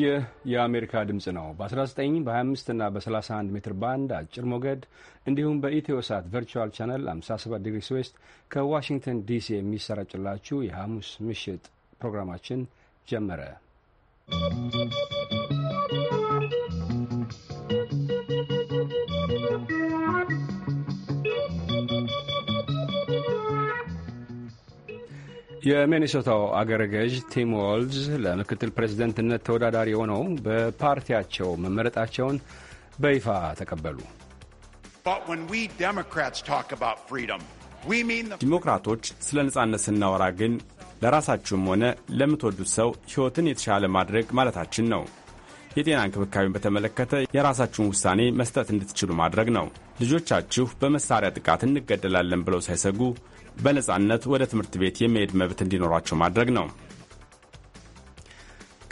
ይህ የአሜሪካ ድምፅ ነው። በ19 በ25 እና በ31 ሜትር ባንድ አጭር ሞገድ እንዲሁም በኢትዮ ሳት ቨርቹዋል ቻነል 57 ዲግሪ ስዌስት ከዋሽንግተን ዲሲ የሚሰራጭላችሁ የሐሙስ ምሽት ፕሮግራማችን ጀመረ። የሚኒሶታው አገረ ገዥ ቲም ዎልዝ ለምክትል ፕሬዝደንትነት ተወዳዳሪ ሆነው በፓርቲያቸው መመረጣቸውን በይፋ ተቀበሉ። ዲሞክራቶች ስለ ነጻነት ስናወራ ግን ለራሳችሁም ሆነ ለምትወዱት ሰው ሕይወትን የተሻለ ማድረግ ማለታችን ነው። የጤና እንክብካቤን በተመለከተ የራሳችሁን ውሳኔ መስጠት እንድትችሉ ማድረግ ነው። ልጆቻችሁ በመሳሪያ ጥቃት እንገደላለን ብለው ሳይሰጉ በነጻነት ወደ ትምህርት ቤት የመሄድ መብት እንዲኖራቸው ማድረግ ነው።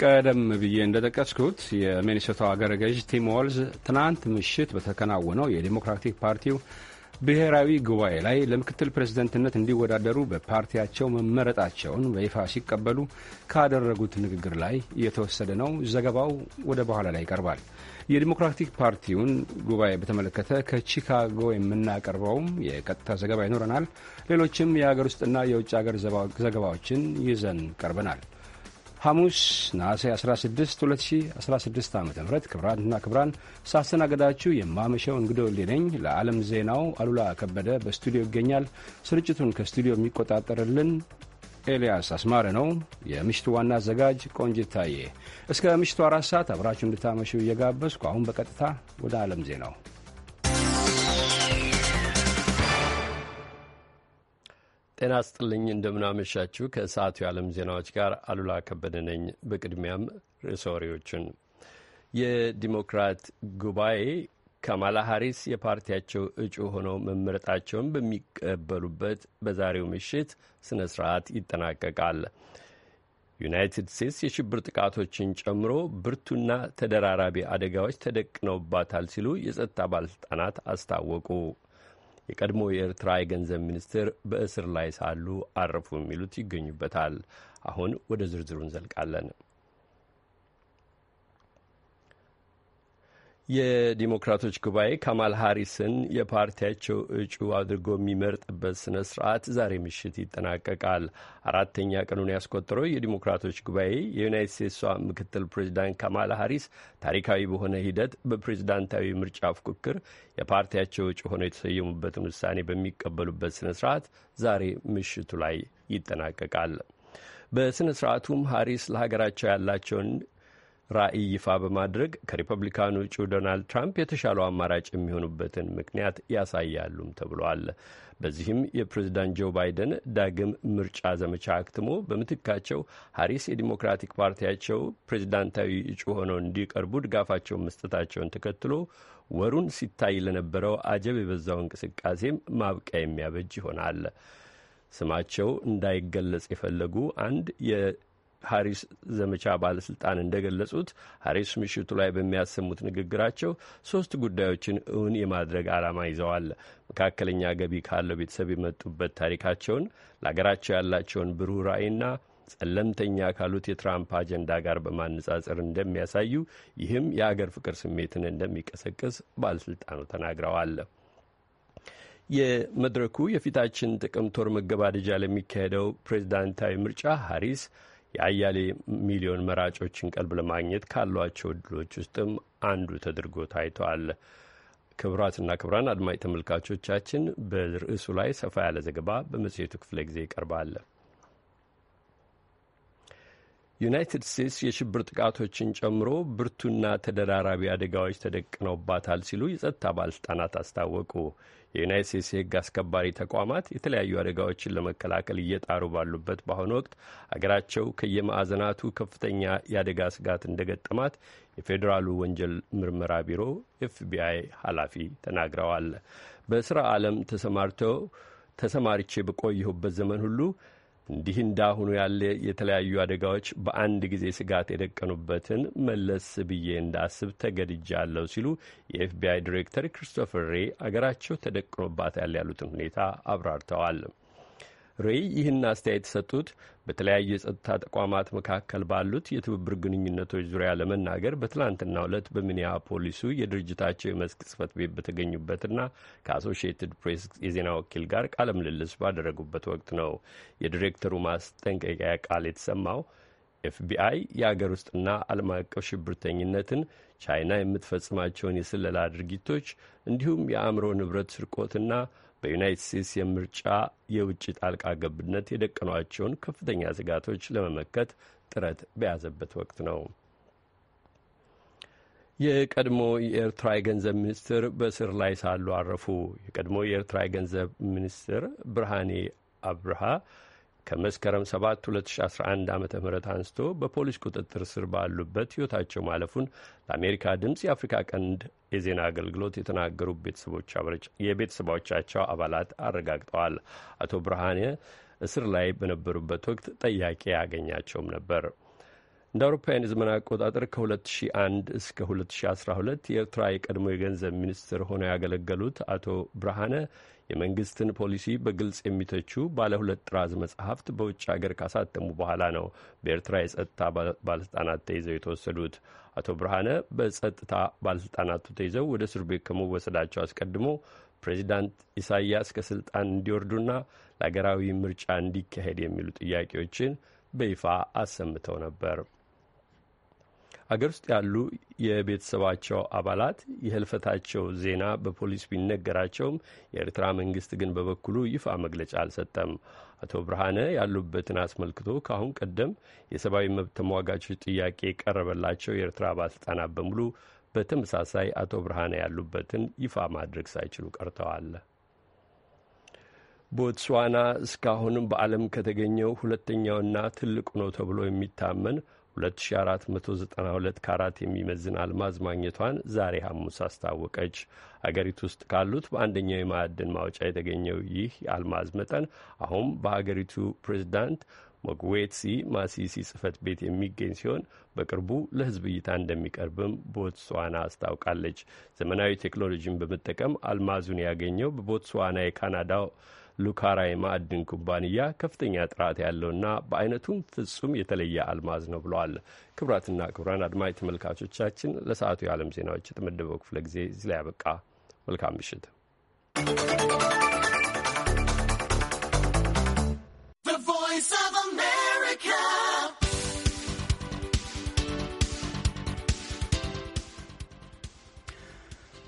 ቀደም ብዬ እንደጠቀስኩት የሚኒሶታው አገረ ገዥ ቲም ዋልዝ ትናንት ምሽት በተከናወነው የዴሞክራቲክ ፓርቲው ብሔራዊ ጉባኤ ላይ ለምክትል ፕሬዝደንትነት እንዲወዳደሩ በፓርቲያቸው መመረጣቸውን በይፋ ሲቀበሉ ካደረጉት ንግግር ላይ እየተወሰደ ነው። ዘገባው ወደ በኋላ ላይ ይቀርባል። የዲሞክራቲክ ፓርቲውን ጉባኤ በተመለከተ ከቺካጎ የምናቀርበውም የቀጥታ ዘገባ ይኖረናል። ሌሎችም የሀገር ውስጥና የውጭ ሀገር ዘገባዎችን ይዘን ቀርበናል። ሐሙስ ነሐሴ 16 2016 ዓ ም ክብራትና ክብራን ሳስተናገዳችሁ የማመሸው እንግዶ ሌነኝ። ለዓለም ዜናው አሉላ ከበደ በስቱዲዮ ይገኛል። ስርጭቱን ከስቱዲዮ የሚቆጣጠርልን ኤልያስ አስማረ ነው። የምሽቱ ዋና አዘጋጅ ቆንጂት ታየ እስከ ምሽቱ አራት ሰዓት አብራችሁ እንድታመሹ እየጋበዝኩ አሁን በቀጥታ ወደ ዓለም ዜናው። ጤና ስጥልኝ፣ እንደምናመሻችሁ። ከሰዓቱ የዓለም ዜናዎች ጋር አሉላ ከበደ ነኝ። በቅድሚያም ርዕሰ ወሬዎቹን የዲሞክራት ጉባኤ ካማላ ሀሪስ የፓርቲያቸው እጩ ሆነው መመረጣቸውን በሚቀበሉበት በዛሬው ምሽት ስነ ስርዓት ይጠናቀቃል። ዩናይትድ ስቴትስ የሽብር ጥቃቶችን ጨምሮ ብርቱና ተደራራቢ አደጋዎች ተደቅነውባታል ሲሉ የጸጥታ ባለሥልጣናት አስታወቁ። የቀድሞ የኤርትራ የገንዘብ ሚኒስትር በእስር ላይ ሳሉ አረፉ የሚሉት ይገኙበታል። አሁን ወደ ዝርዝሩ እንዘልቃለን። የዲሞክራቶች ጉባኤ ካማል ሃሪስን የፓርቲያቸው እጩ አድርጎ የሚመርጥበት ስነ ስርዓት ዛሬ ምሽት ይጠናቀቃል። አራተኛ ቀኑን ያስቆጠረው የዲሞክራቶች ጉባኤ የዩናይት ስቴትሷ ምክትል ፕሬዚዳንት ካማል ሃሪስ ታሪካዊ በሆነ ሂደት በፕሬዚዳንታዊ ምርጫ ፉክክር የፓርቲያቸው እጩ ሆነው የተሰየሙበትን ውሳኔ በሚቀበሉበት ስነ ስርዓት ዛሬ ምሽቱ ላይ ይጠናቀቃል። በስነ ስርዓቱም ሀሪስ ለሀገራቸው ያላቸውን ራዕይ ይፋ በማድረግ ከሪፐብሊካኑ እጩ ዶናልድ ትራምፕ የተሻለው አማራጭ የሚሆኑበትን ምክንያት ያሳያሉም ተብሏል። በዚህም የፕሬዚዳንት ጆ ባይደን ዳግም ምርጫ ዘመቻ አክትሞ በምትካቸው ሀሪስ የዲሞክራቲክ ፓርቲያቸው ፕሬዚዳንታዊ እጩ ሆነው እንዲቀርቡ ድጋፋቸውን መስጠታቸውን ተከትሎ ወሩን ሲታይ ለነበረው አጀብ የበዛው እንቅስቃሴም ማብቂያ የሚያበጅ ይሆናል። ስማቸው እንዳይገለጽ የፈለጉ አንድ ሀሪስ ዘመቻ ባለስልጣን እንደገለጹት ሀሪስ ምሽቱ ላይ በሚያሰሙት ንግግራቸው ሶስት ጉዳዮችን እውን የማድረግ ዓላማ ይዘዋል። መካከለኛ ገቢ ካለው ቤተሰብ የመጡበት ታሪካቸውን፣ ለሀገራቸው ያላቸውን ብሩህ ራዕይና ጸለምተኛ ካሉት የትራምፕ አጀንዳ ጋር በማነጻጸር እንደሚያሳዩ፣ ይህም የአገር ፍቅር ስሜትን እንደሚቀሰቅስ ባለስልጣኑ ተናግረዋል። የመድረኩ የፊታችን ጥቅምት ወር መገባደጃ ለሚካሄደው ፕሬዝዳንታዊ ምርጫ ሀሪስ የአያሌ ሚሊዮን መራጮችን ቀልብ ለማግኘት ካሏቸው እድሎች ውስጥም አንዱ ተደርጎ ታይቷል። ክቡራትና ክቡራን አድማጭ ተመልካቾቻችን በርዕሱ ላይ ሰፋ ያለ ዘገባ በመጽሔቱ ክፍለ ጊዜ ይቀርባል። ዩናይትድ ስቴትስ የሽብር ጥቃቶችን ጨምሮ ብርቱና ተደራራቢ አደጋዎች ተደቅነውባታል ሲሉ የጸጥታ ባለስልጣናት አስታወቁ። የዩናይት ስቴትስ የሕግ አስከባሪ ተቋማት የተለያዩ አደጋዎችን ለመከላከል እየጣሩ ባሉበት በአሁኑ ወቅት አገራቸው ከየማዕዘናቱ ከፍተኛ የአደጋ ስጋት እንደገጠማት የፌዴራሉ ወንጀል ምርመራ ቢሮ ኤፍቢአይ ኃላፊ ተናግረዋል። በስራ ዓለም ተሰማርተው ተሰማርቼ በቆየሁበት ዘመን ሁሉ እንዲህ እንዳሁኑ ያለ የተለያዩ አደጋዎች በአንድ ጊዜ ስጋት የደቀኑበትን መለስ ብዬ እንዳስብ ተገድጃለሁ ሲሉ የኤፍቢአይ ዲሬክተር ክሪስቶፈር ሬ አገራቸው ተደቅኖባት ያለ ያሉትን ሁኔታ አብራርተዋል። ሬይ ይህን አስተያየት የሰጡት በተለያዩ የጸጥታ ተቋማት መካከል ባሉት የትብብር ግንኙነቶች ዙሪያ ለመናገር በትላንትና ዕለት በሚኒያፖሊሱ የድርጅታቸው የመስክ ጽፈት ቤት በተገኙበትና ከአሶሺየትድ ፕሬስ የዜና ወኪል ጋር ቃለ ምልልስ ባደረጉበት ወቅት ነው። የዲሬክተሩ ማስጠንቀቂያ ቃል የተሰማው ኤፍቢአይ የአገር ውስጥና ዓለም አቀፍ ሽብርተኝነትን፣ ቻይና የምትፈጽማቸውን የስለላ ድርጊቶች እንዲሁም የአእምሮ ንብረት ስርቆትና በዩናይት ስቴትስ የምርጫ የውጭ ጣልቃ ገብነት የደቀኗቸውን ከፍተኛ ስጋቶች ለመመከት ጥረት በያዘበት ወቅት ነው። የቀድሞ የኤርትራ የገንዘብ ሚኒስትር በስር ላይ ሳሉ አረፉ። የቀድሞ የኤርትራ የገንዘብ ሚኒስትር ብርሃኔ አብርሃ ከመስከረም 7 2011 ዓ ም አንስቶ በፖሊስ ቁጥጥር ስር ባሉበት ሕይወታቸው ማለፉን ለአሜሪካ ድምፅ የአፍሪካ ቀንድ የዜና አገልግሎት የተናገሩ የቤተሰቦቻቸው አባላት አረጋግጠዋል። አቶ ብርሃኔ እስር ላይ በነበሩበት ወቅት ጥያቄ ያገኛቸውም ነበር። እንደ አውሮፓውያን የዘመን አቆጣጠር ከ2001 እስከ 2012 የኤርትራ የቀድሞ የገንዘብ ሚኒስትር ሆነው ያገለገሉት አቶ ብርሃነ የመንግስትን ፖሊሲ በግልጽ የሚተቹ ባለ ሁለት ጥራዝ መጽሐፍት በውጭ ሀገር ካሳተሙ በኋላ ነው በኤርትራ የጸጥታ ባለስልጣናት ተይዘው የተወሰዱት። አቶ ብርሃነ በጸጥታ ባለስልጣናቱ ተይዘው ወደ እስር ቤት ከመወሰዳቸው አስቀድሞ ፕሬዚዳንት ኢሳያስ ከስልጣን እንዲወርዱና ለሀገራዊ ምርጫ እንዲካሄድ የሚሉ ጥያቄዎችን በይፋ አሰምተው ነበር። አገር ውስጥ ያሉ የቤተሰባቸው አባላት የህልፈታቸው ዜና በፖሊስ ቢነገራቸውም የኤርትራ መንግስት ግን በበኩሉ ይፋ መግለጫ አልሰጠም። አቶ ብርሃነ ያሉበትን አስመልክቶ ከአሁን ቀደም የሰብአዊ መብት ተሟጋቾች ጥያቄ የቀረበላቸው የኤርትራ ባለስልጣናት በሙሉ በተመሳሳይ አቶ ብርሃነ ያሉበትን ይፋ ማድረግ ሳይችሉ ቀርተዋል። ቦትስዋና እስካሁንም በዓለም ከተገኘው ሁለተኛውና ትልቁ ነው ተብሎ የሚታመን 2492 ካራት የሚመዝን አልማዝ ማግኘቷን ዛሬ ሐሙስ አስታወቀች። አገሪቱ ውስጥ ካሉት በአንደኛው የማዕድን ማውጫ የተገኘው ይህ የአልማዝ መጠን አሁን በሀገሪቱ ፕሬዚዳንት ሞግዌትሲ ማሲሲ ጽህፈት ቤት የሚገኝ ሲሆን በቅርቡ ለሕዝብ እይታ እንደሚቀርብም ቦትስዋና አስታውቃለች። ዘመናዊ ቴክኖሎጂን በመጠቀም አልማዙን ያገኘው በቦትስዋና የካናዳው ሉካራይ የማዕድን ኩባንያ ከፍተኛ ጥራት ያለውና በአይነቱም ፍጹም የተለየ አልማዝ ነው ብለዋል። ክቡራትና ክቡራን አድማጭ ተመልካቾቻችን ለሰዓቱ የዓለም ዜናዎች የተመደበው ክፍለ ጊዜ እዚህ ላይ ያበቃ። መልካም ምሽት።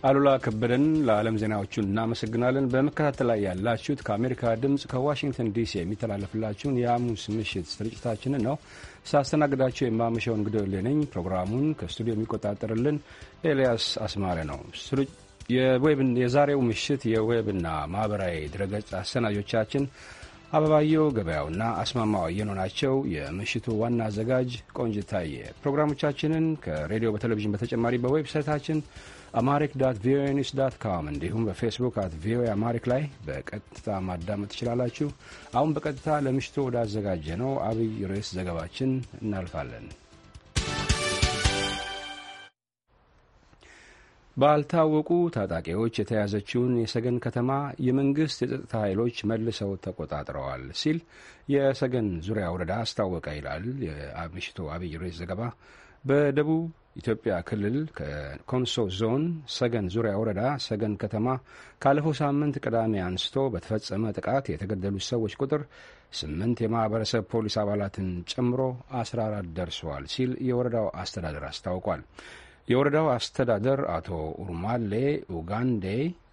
አሉላ ከበደን ለዓለም ዜናዎቹ እናመሰግናለን። በመከታተል ላይ ያላችሁት ከአሜሪካ ድምፅ ከዋሽንግተን ዲሲ የሚተላለፍላችሁን የሐሙስ ምሽት ስርጭታችንን ነው። ሳስተናግዳቸው የማመሻው እንግዳ ሌነኝ። ፕሮግራሙን ከስቱዲዮ የሚቆጣጠርልን ኤልያስ አስማረ ነው። የዛሬው ምሽት የዌብና ማኅበራዊ ድረገጽ አሰናጆቻችን አበባየው ገበያውና አስማማው አየኖ ናቸው። የምሽቱ ዋና አዘጋጅ ቆንጅታየ። ፕሮግራሞቻችንን ከሬዲዮ በቴሌቪዥን በተጨማሪ በዌብሳይታችን አማሪክ ዳት ቪኦኤ ኒውስ ዳት ካም እንዲሁም በፌስቡክ አት ቪኦኤ አማሪክ ላይ በቀጥታ ማዳመጥ ትችላላችሁ። አሁን በቀጥታ ለምሽቱ ወዳዘጋጀ ነው አብይ ርዕስ ዘገባችን እናልፋለን። ባልታወቁ ታጣቂዎች የተያዘችውን የሰገን ከተማ የመንግስት የጸጥታ ኃይሎች መልሰው ተቆጣጥረዋል ሲል የሰገን ዙሪያ ወረዳ አስታወቀ ይላል የምሽቱ አብይ ርዕስ ዘገባ። በደቡብ ኢትዮጵያ ክልል ከኮንሶ ዞን ሰገን ዙሪያ ወረዳ ሰገን ከተማ ካለፈው ሳምንት ቅዳሜ አንስቶ በተፈጸመ ጥቃት የተገደሉት ሰዎች ቁጥር ስምንት የማህበረሰብ ፖሊስ አባላትን ጨምሮ አስራ አራት ደርሰዋል ሲል የወረዳው አስተዳደር አስታውቋል። የወረዳው አስተዳደር አቶ ኡርማሌ ኡጋንዴ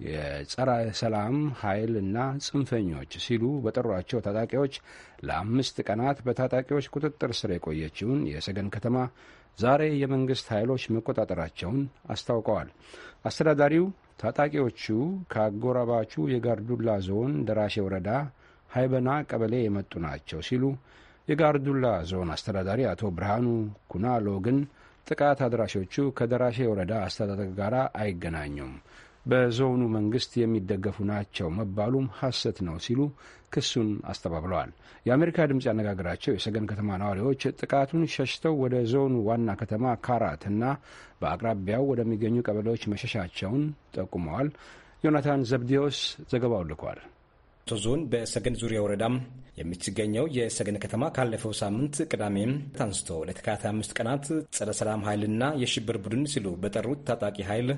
የጸረ ሰላም ኃይል እና ጽንፈኞች ሲሉ በጠሯቸው ታጣቂዎች ለአምስት ቀናት በታጣቂዎች ቁጥጥር ስር የቆየችውን የሰገን ከተማ ዛሬ የመንግሥት ኃይሎች መቆጣጠራቸውን አስታውቀዋል። አስተዳዳሪው ታጣቂዎቹ ከአጎራባቹ የጋርዱላ ዞን ደራሼ ወረዳ ሀይበና ቀበሌ የመጡ ናቸው ሲሉ የጋርዱላ ዞን አስተዳዳሪ አቶ ብርሃኑ ኩናሎ ግን ጥቃት አድራሾቹ ከደራሼ ወረዳ አስተዳደር ጋር አይገናኙም፣ በዞኑ መንግስት የሚደገፉ ናቸው መባሉም ሐሰት ነው ሲሉ ክሱን አስተባብለዋል። የአሜሪካ ድምፅ ያነጋገራቸው የሰገን ከተማ ነዋሪዎች ጥቃቱን ሸሽተው ወደ ዞኑ ዋና ከተማ ካራት እና በአቅራቢያው ወደሚገኙ ቀበሌዎች መሸሻቸውን ጠቁመዋል። ዮናታን ዘብዲዮስ ዘገባው ልኳል። ቶ ዞን በሰገን ዙሪያ ወረዳም የምትገኘው የሰገን ከተማ ካለፈው ሳምንት ቅዳሜም አንስቶ ለተከታታይ አምስት ቀናት ጸረ ሰላም ኃይልና የሽብር ቡድን ሲሉ በጠሩት ታጣቂ ኃይል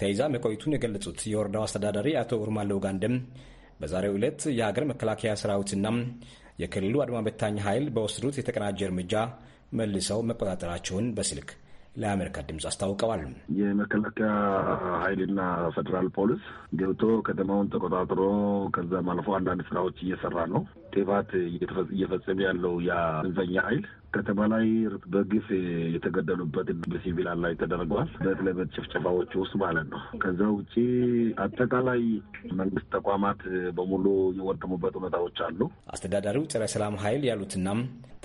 ተይዛ መቆየቱን የገለጹት የወረዳው አስተዳዳሪ አቶ ኡርማለው ጋንደም በዛሬው ዕለት የሀገር መከላከያ ሰራዊትና የክልሉ አድማ በታኝ ኃይል በወሰዱት የተቀናጀ እርምጃ መልሰው መቆጣጠራቸውን በስልክ ለአሜሪካ ድምፅ አስታውቀዋል። የመከላከያ ኃይልና ፌዴራል ፖሊስ ገብቶ ከተማውን ተቆጣጥሮ ከዛም አልፎ አንዳንድ ስራዎች እየሰራ ነው። ጥፋት እየፈጸመ ያለው ያ ኃይል ከተማ ላይ በግፍ የተገደሉበት በሲቪል ላይ ተደርገዋል። በት ለበት ጭፍጨፋዎች ውስጥ ማለት ነው። ከዛ ውጭ አጠቃላይ መንግስት ተቋማት በሙሉ የወደሙበት ሁኔታዎች አሉ። አስተዳዳሪው ጸረ ሰላም ኃይል ያሉትና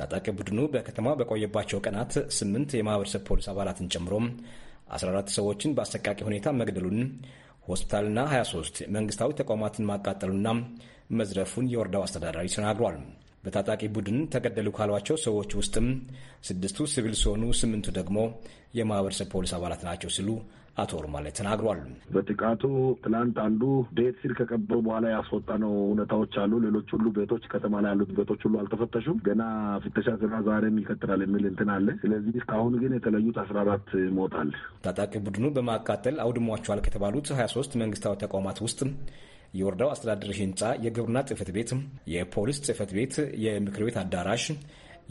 ታጣቂ ቡድኑ በከተማ በቆየባቸው ቀናት ስምንት የማህበረሰብ ፖሊስ አባላትን ጨምሮ 14 ሰዎችን በአሰቃቂ ሁኔታ መግደሉን ሆስፒታልና 23 መንግስታዊ ተቋማትን ማቃጠሉና መዝረፉን የወረዳው አስተዳዳሪ ተናግሯል። በታጣቂ ቡድን ተገደሉ ካሏቸው ሰዎች ውስጥም ስድስቱ ሲቪል ሲሆኑ ስምንቱ ደግሞ የማህበረሰብ ፖሊስ አባላት ናቸው ሲሉ አቶ ኦርማላይ ተናግሯል። በጥቃቱ ትናንት አንዱ ቤት ሲል ከቀበሩ በኋላ ያስወጣ ነው እውነታዎች አሉ። ሌሎች ሁሉ ቤቶች ከተማ ላይ ያሉት ቤቶች ሁሉ አልተፈተሹም። ገና ፍተሻ ስራ ዛሬም ይቀጥላል የሚል እንትን አለ። ስለዚህ እስካሁን ግን የተለዩት አስራ አራት ሞታል። ታጣቂ ቡድኑ በማቃጠል አውድሟቸዋል ከተባሉት ሀያ ሶስት መንግስታዊ ተቋማት ውስጥ የወረዳው አስተዳደር ህንፃ፣ የግብርና ጽህፈት ቤት፣ የፖሊስ ጽህፈት ቤት፣ የምክር ቤት አዳራሽ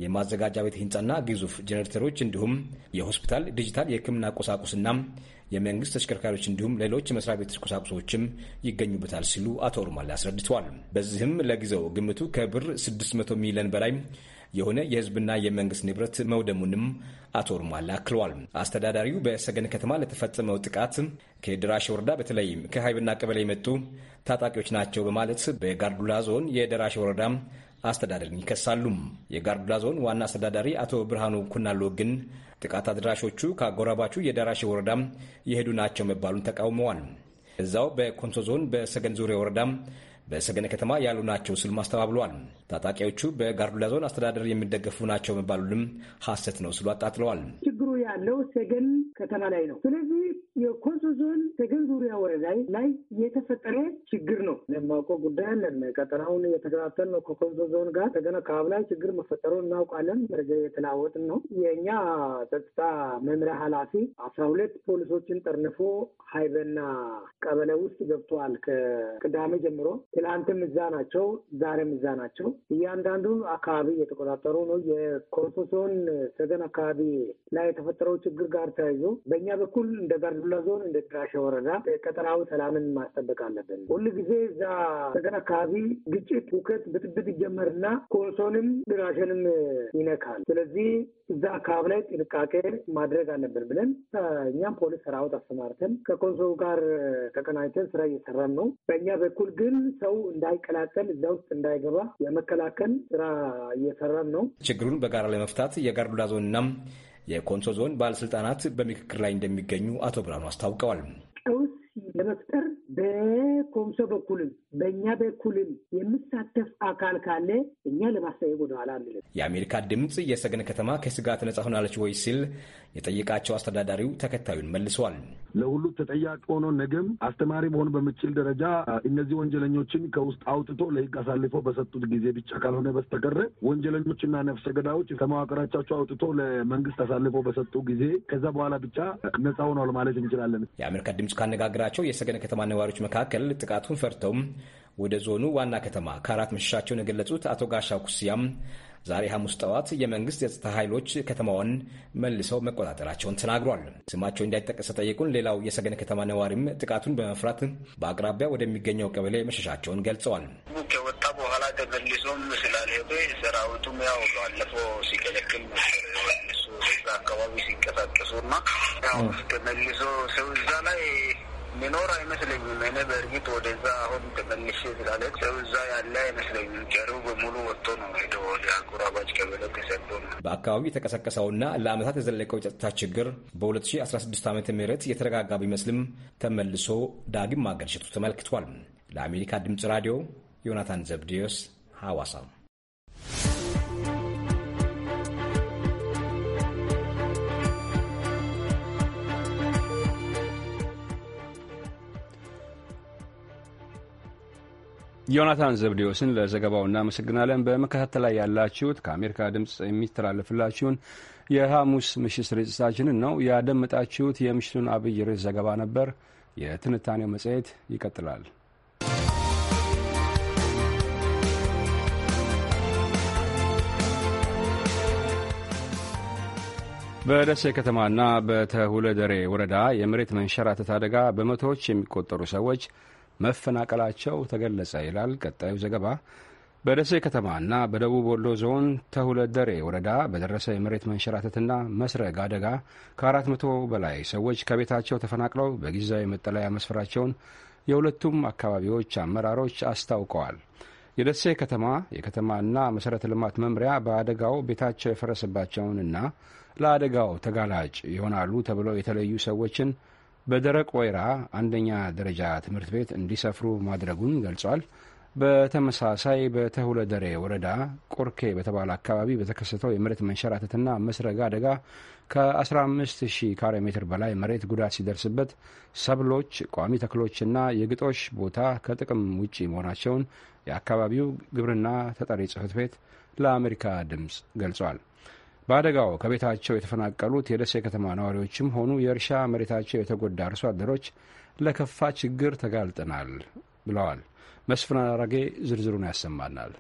የማዘጋጃ ቤት ህንፃና ግዙፍ ጀነሬተሮች እንዲሁም የሆስፒታል ዲጂታል የህክምና ቁሳቁስና የመንግስት ተሽከርካሪዎች እንዲሁም ሌሎች መስሪያ ቤት ቁሳቁሶችም ይገኙበታል ሲሉ አቶ ሩማሌ አስረድተዋል። በዚህም ለጊዜው ግምቱ ከብር 600 ሚሊዮን በላይ የሆነ የህዝብና የመንግስት ንብረት መውደሙንም አቶ ርሟላ አክለዋል። አስተዳዳሪው በሰገን ከተማ ለተፈጸመው ጥቃት ከደራሽ ወረዳ በተለይም ከሀይብና ቀበሌ የመጡ ታጣቂዎች ናቸው በማለት በጋርዱላ ዞን የደራሽ ወረዳ አስተዳደርን ይከሳሉ። የጋርዱላ ዞን ዋና አስተዳዳሪ አቶ ብርሃኑ ኩናሎ ግን ጥቃት አድራሾቹ ከአጎራባቹ የደራሽ ወረዳ የሄዱ ናቸው መባሉን ተቃውመዋል። እዛው በኮንሶ ዞን በሰገን ዙሪያ ወረዳ በሰገነ ከተማ ያሉ ናቸው ስልም አስተባብለዋል። ታጣቂዎቹ በጋርዱላ ዞን አስተዳደር የሚደገፉ ናቸው መባሉንም ሀሰት ነው ስሉ አጣጥለዋል። ችግሩ ያለው ሰገን ከተማ ላይ ነው። ስለዚህ የኮንሶ ዞን ሰገን ዙሪያ ወረዳ ላይ የተፈጠረ ችግር ነው። የማውቀው ጉዳይ አለን። ቀጠናውን የተከታተል ነው። ከኮንሶ ዞን ጋር ተገን አካባቢ ላይ ችግር መፈጠሩን እናውቃለን። መረጃ የተለዋወጥን ነው። የእኛ ጸጥታ መምሪያ ኃላፊ አስራ ሁለት ፖሊሶችን ጠርንፎ ሀይበና ቀበሌ ውስጥ ገብተዋል። ከቅዳሜ ጀምሮ ትላንትም እዛ ናቸው፣ ዛሬም እዛ ናቸው። እያንዳንዱን አካባቢ እየተቆጣጠሩ ነው። የኮንሶ ዞን ሰገን አካባቢ ላይ የተፈጠረው ችግር ጋር ተያይዞ በእኛ በኩል እንደ ጋርዱላ ዞን እንደ ድራሸ ወረዳ ቀጠናዊ ሰላምን ማስጠበቅ አለብን። ሁል ጊዜ እዛ ሰገን አካባቢ ግጭት፣ ሁከት፣ ብጥብጥ ይጀመርና ኮንሶንም ድራሸንም ይነካል። ስለዚህ እዛ አካባቢ ላይ ጥንቃቄ ማድረግ አለብን ብለን እኛም ፖሊስ ሰራዊት አሰማርተን ከኮንሶ ጋር ተቀናጅተን ስራ እየሰራን ነው። በእኛ በኩል ግን ሰው እንዳይቀላቀል እዛ ውስጥ እንዳይገባ ለመከላከል ስራ እየሰራን ነው። ችግሩን በጋራ ለመፍታት የጋርዱላ ዞንና የኮንሶ ዞን ባለስልጣናት በምክክር ላይ እንደሚገኙ አቶ ብርሃኑ አስታውቀዋል። ቀውስ ለመፍጠር በኮምሶ በኩልም በእኛ በኩልም የምሳተፍ አካል ካለ እኛ ለማስታየቅ ወደኋላ አንልም። የአሜሪካ ድምፅ የሰገን ከተማ ከስጋት ነጻ ሆናለች ወይ ሲል የጠየቃቸው አስተዳዳሪው ተከታዩን መልሰዋል። ለሁሉ ተጠያቂ ሆኖ ነገም አስተማሪ መሆን በምችል ደረጃ እነዚህ ወንጀለኞችን ከውስጥ አውጥቶ ለህግ አሳልፎ በሰጡት ጊዜ ብቻ ካልሆነ በስተቀረ ወንጀለኞችና ነፍሰ ገዳዮች ከመዋቅራቻቸው አውጥቶ ለመንግስት አሳልፎ በሰጡ ጊዜ ከዛ በኋላ ብቻ ነጻ ሆኗል ማለት እንችላለን። የአሜሪካ ድምፅ ካነጋግራቸው የሰገነ ከተማ ነዋሪዎች መካከል ጥቃቱን ፈርተው ወደ ዞኑ ዋና ከተማ ከአራት መሸሻቸውን የገለጹት አቶ ጋሻ ኩስያም ዛሬ ሐሙስ ጠዋት የመንግስት የጸጥታ ኃይሎች ከተማዋን መልሰው መቆጣጠራቸውን ተናግሯል። ስማቸው እንዳይጠቀስ ጠይቁን ሌላው የሰገን ከተማ ነዋሪም ጥቃቱን በመፍራት በአቅራቢያ ወደሚገኘው ቀበሌ መሸሻቸውን ገልጸዋል። ከወጣ በኋላ ተመልሶም ስላልሄደ ሰራዊቱም ያው ባለፈው ሲከለክል እሱ እዛ አካባቢ ሲንቀሳቀሱ እና ያው ተመልሶ ሰው እዛ ላይ ሚኖር አይመስለኝም። እኔ በእርግጥ ወደዛ አሁን ተመልሼ ስላለት ሰው እዛ ያለ አይመስለኝም። ቀሪው በሙሉ ወጥቶ ነው ሄደ ወደ አጎራባች ቀበሌ ተሰዶ ነው። በአካባቢው የተቀሰቀሰውና ለአመታት የዘለቀው የጸጥታ ችግር በ2016 ዓ ም የተረጋጋ ቢመስልም ተመልሶ ዳግም ማገርሸቱ ተመልክቷል። ለአሜሪካ ድምፅ ራዲዮ ዮናታን ዘብዴዎስ ሐዋሳ ዮናታን ዘብዴዎስን ለዘገባው እናመሰግናለን። በመከታተል ላይ ያላችሁት ከአሜሪካ ድምፅ የሚተላለፍላችሁን የሐሙስ ምሽት ስርጭታችንን ነው ያደመጣችሁት። የምሽቱን አብይ ርዕስ ዘገባ ነበር። የትንታኔው መጽሔት ይቀጥላል። በደሴ ከተማና በተሁለደሬ ወረዳ የመሬት መንሸራተት አደጋ በመቶዎች የሚቆጠሩ ሰዎች መፈናቀላቸው ተገለጸ ይላል ቀጣዩ ዘገባ። በደሴ ከተማና በደቡብ ወሎ ዞን ተሁለደሬ ወረዳ በደረሰ የመሬት መንሸራተትና መስረግ አደጋ ከአራት መቶ በላይ ሰዎች ከቤታቸው ተፈናቅለው በጊዜያዊ መጠለያ መስፈራቸውን የሁለቱም አካባቢዎች አመራሮች አስታውቀዋል። የደሴ ከተማ የከተማና መሠረተ ልማት መምሪያ በአደጋው ቤታቸው የፈረሰባቸውንና ለአደጋው ተጋላጭ ይሆናሉ ተብለው የተለዩ ሰዎችን በደረቅ ወይራ አንደኛ ደረጃ ትምህርት ቤት እንዲሰፍሩ ማድረጉን ገልጿል። በተመሳሳይ በተሁለደሬ ወረዳ ቆርኬ በተባለ አካባቢ በተከሰተው የመሬት መንሸራተትና መስረጋ አደጋ ከ15000 ካሬ ሜትር በላይ መሬት ጉዳት ሲደርስበት ሰብሎች፣ ቋሚ ተክሎችና የግጦሽ ቦታ ከጥቅም ውጪ መሆናቸውን የአካባቢው ግብርና ተጠሪ ጽህፈት ቤት ለአሜሪካ ድምፅ ገልጿል። በአደጋው ከቤታቸው የተፈናቀሉት የደሴ ከተማ ነዋሪዎችም ሆኑ የእርሻ መሬታቸው የተጎዳ አርሶ አደሮች ለከፋ ችግር ተጋልጠናል ብለዋል። መስፍን አራጌ ዝርዝሩን ያሰማናል።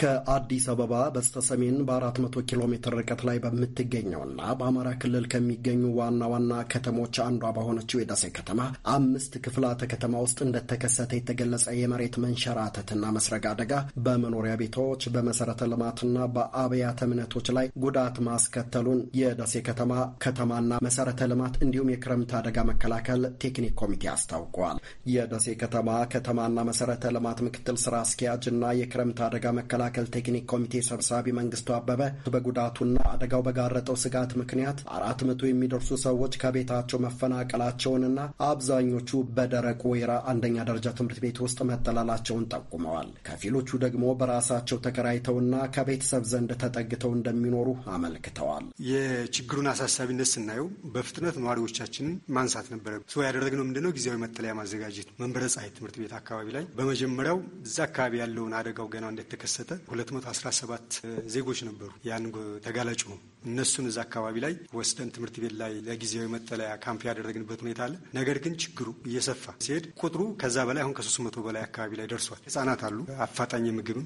ከአዲስ አበባ በስተሰሜን በ400 ኪሎ ሜትር ርቀት ላይ በምትገኘውና በአማራ ክልል ከሚገኙ ዋና ዋና ከተሞች አንዷ በሆነችው የደሴ ከተማ አምስት ክፍላተ ከተማ ውስጥ እንደተከሰተ የተገለጸ የመሬት መንሸራተትና መስረግ አደጋ በመኖሪያ ቤቶች፣ በመሰረተ ልማትና በአብያተ እምነቶች ላይ ጉዳት ማስከተሉን የደሴ ከተማ ከተማና መሰረተ ልማት እንዲሁም የክረምት አደጋ መከላከል ቴክኒክ ኮሚቴ አስታውቋል። የደሴ ከተማ ከተማና መሰረተ ልማት ምክትል ስራ አስኪያጅ እና የክረምት አደጋ መከላከል መከላከል ቴክኒክ ኮሚቴ ሰብሳቢ መንግስቱ አበበ በጉዳቱና አደጋው በጋረጠው ስጋት ምክንያት አራት መቶ የሚደርሱ ሰዎች ከቤታቸው መፈናቀላቸውንና አብዛኞቹ በደረቅ ወይራ አንደኛ ደረጃ ትምህርት ቤት ውስጥ መጠላላቸውን ጠቁመዋል። ከፊሎቹ ደግሞ በራሳቸው ተከራይተውና ከቤተሰብ ዘንድ ተጠግተው እንደሚኖሩ አመልክተዋል። የችግሩን አሳሳቢነት ስናየው በፍጥነት ነዋሪዎቻችንን ማንሳት ነበረ። ያደረግነው ምንድነው ጊዜያዊ መጠለያ ማዘጋጀት መንበረ ፀሐይ ትምህርት ቤት አካባቢ ላይ በመጀመሪያው እዛ አካባቢ ያለውን አደጋው ገና እንደተከሰተ ሆስፒታል 217 ዜጎች ነበሩ ያን ተጋላጭ ነው እነሱን እዛ አካባቢ ላይ ወስደን ትምህርት ቤት ላይ ለጊዜያዊ መጠለያ ካምፕ ያደረግንበት ሁኔታ አለ። ነገር ግን ችግሩ እየሰፋ ሲሄድ ቁጥሩ ከዛ በላይ አሁን ከሶስት መቶ በላይ አካባቢ ላይ ደርሷል። ህጻናት አሉ። አፋጣኝ ምግብም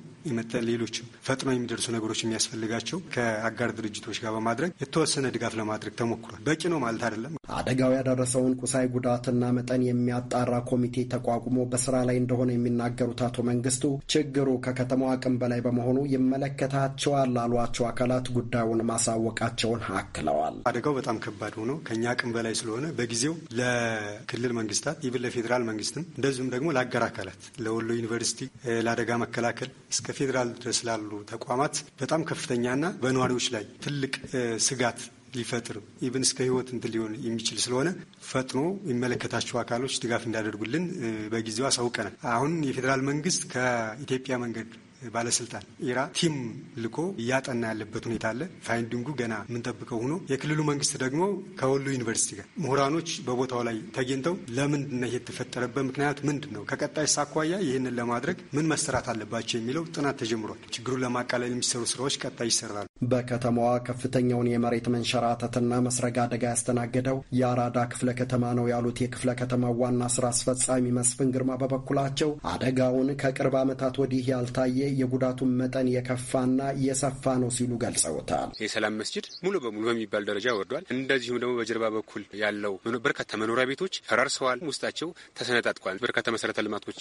ሌሎችም ፈጥኖ የሚደርሱ ነገሮች የሚያስፈልጋቸው ከአጋር ድርጅቶች ጋር በማድረግ የተወሰነ ድጋፍ ለማድረግ ተሞክሯል። በቂ ነው ማለት አይደለም። አደጋው ያደረሰውን ቁሳይ ጉዳትና መጠን የሚያጣራ ኮሚቴ ተቋቁሞ በስራ ላይ እንደሆነ የሚናገሩት አቶ መንግስቱ ችግሩ ከከተማው አቅም በላይ በመሆኑ ይመለከታቸዋል ላሏቸው አካላት ጉዳዩን ማሳወ ማሳወቃቸውን አክለዋል። አደጋው በጣም ከባድ ሆኖ ከኛ አቅም በላይ ስለሆነ በጊዜው ለክልል መንግስታት ይብን ለፌዴራል መንግስትም እንደዚሁም ደግሞ ለአገር አካላት ለወሎ ዩኒቨርሲቲ ለአደጋ መከላከል እስከ ፌዴራል ድረስ ላሉ ተቋማት በጣም ከፍተኛና በነዋሪዎች ላይ ትልቅ ስጋት ሊፈጥር ኢብን እስከ ህይወት እንትን ሊሆን የሚችል ስለሆነ ፈጥኖ የሚመለከታቸው አካሎች ድጋፍ እንዳደርጉልን በጊዜው አሳውቀናል። አሁን የፌዴራል መንግስት ከኢትዮጵያ መንገድ ባለስልጣን ኢራ ቲም ልኮ እያጠና ያለበት ሁኔታ አለ። ፋይንዲንጉ ገና የምንጠብቀው ሆኖ የክልሉ መንግስት ደግሞ ከወሎ ዩኒቨርሲቲ ጋር ምሁራኖች በቦታው ላይ ተገኝተው ለምንድን ነው የተፈጠረበት ምክንያት ምንድን ነው፣ ከቀጣይ ሳኳያ ይህንን ለማድረግ ምን መሰራት አለባቸው የሚለው ጥናት ተጀምሯል። ችግሩን ለማቃለል የሚሰሩ ስራዎች ቀጣይ ይሰራሉ። በከተማዋ ከፍተኛውን የመሬት መንሸራተትና መስረግ አደጋ ያስተናገደው የአራዳ ክፍለ ከተማ ነው ያሉት የክፍለ ከተማው ዋና ስራ አስፈጻሚ መስፍን ግርማ በበኩላቸው አደጋውን ከቅርብ ዓመታት ወዲህ ያልታየ የጉዳቱን መጠን የከፋና የሰፋ ነው ሲሉ ገልጸውታል። የሰላም መስጅድ ሙሉ በሙሉ በሚባል ደረጃ ወርዷል። እንደዚሁም ደግሞ በጀርባ በኩል ያለው በርካታ መኖሪያ ቤቶች ፈራርሰዋል፣ ውስጣቸው ተሰነጣጥቋል። በርካታ መሰረተ ልማቶች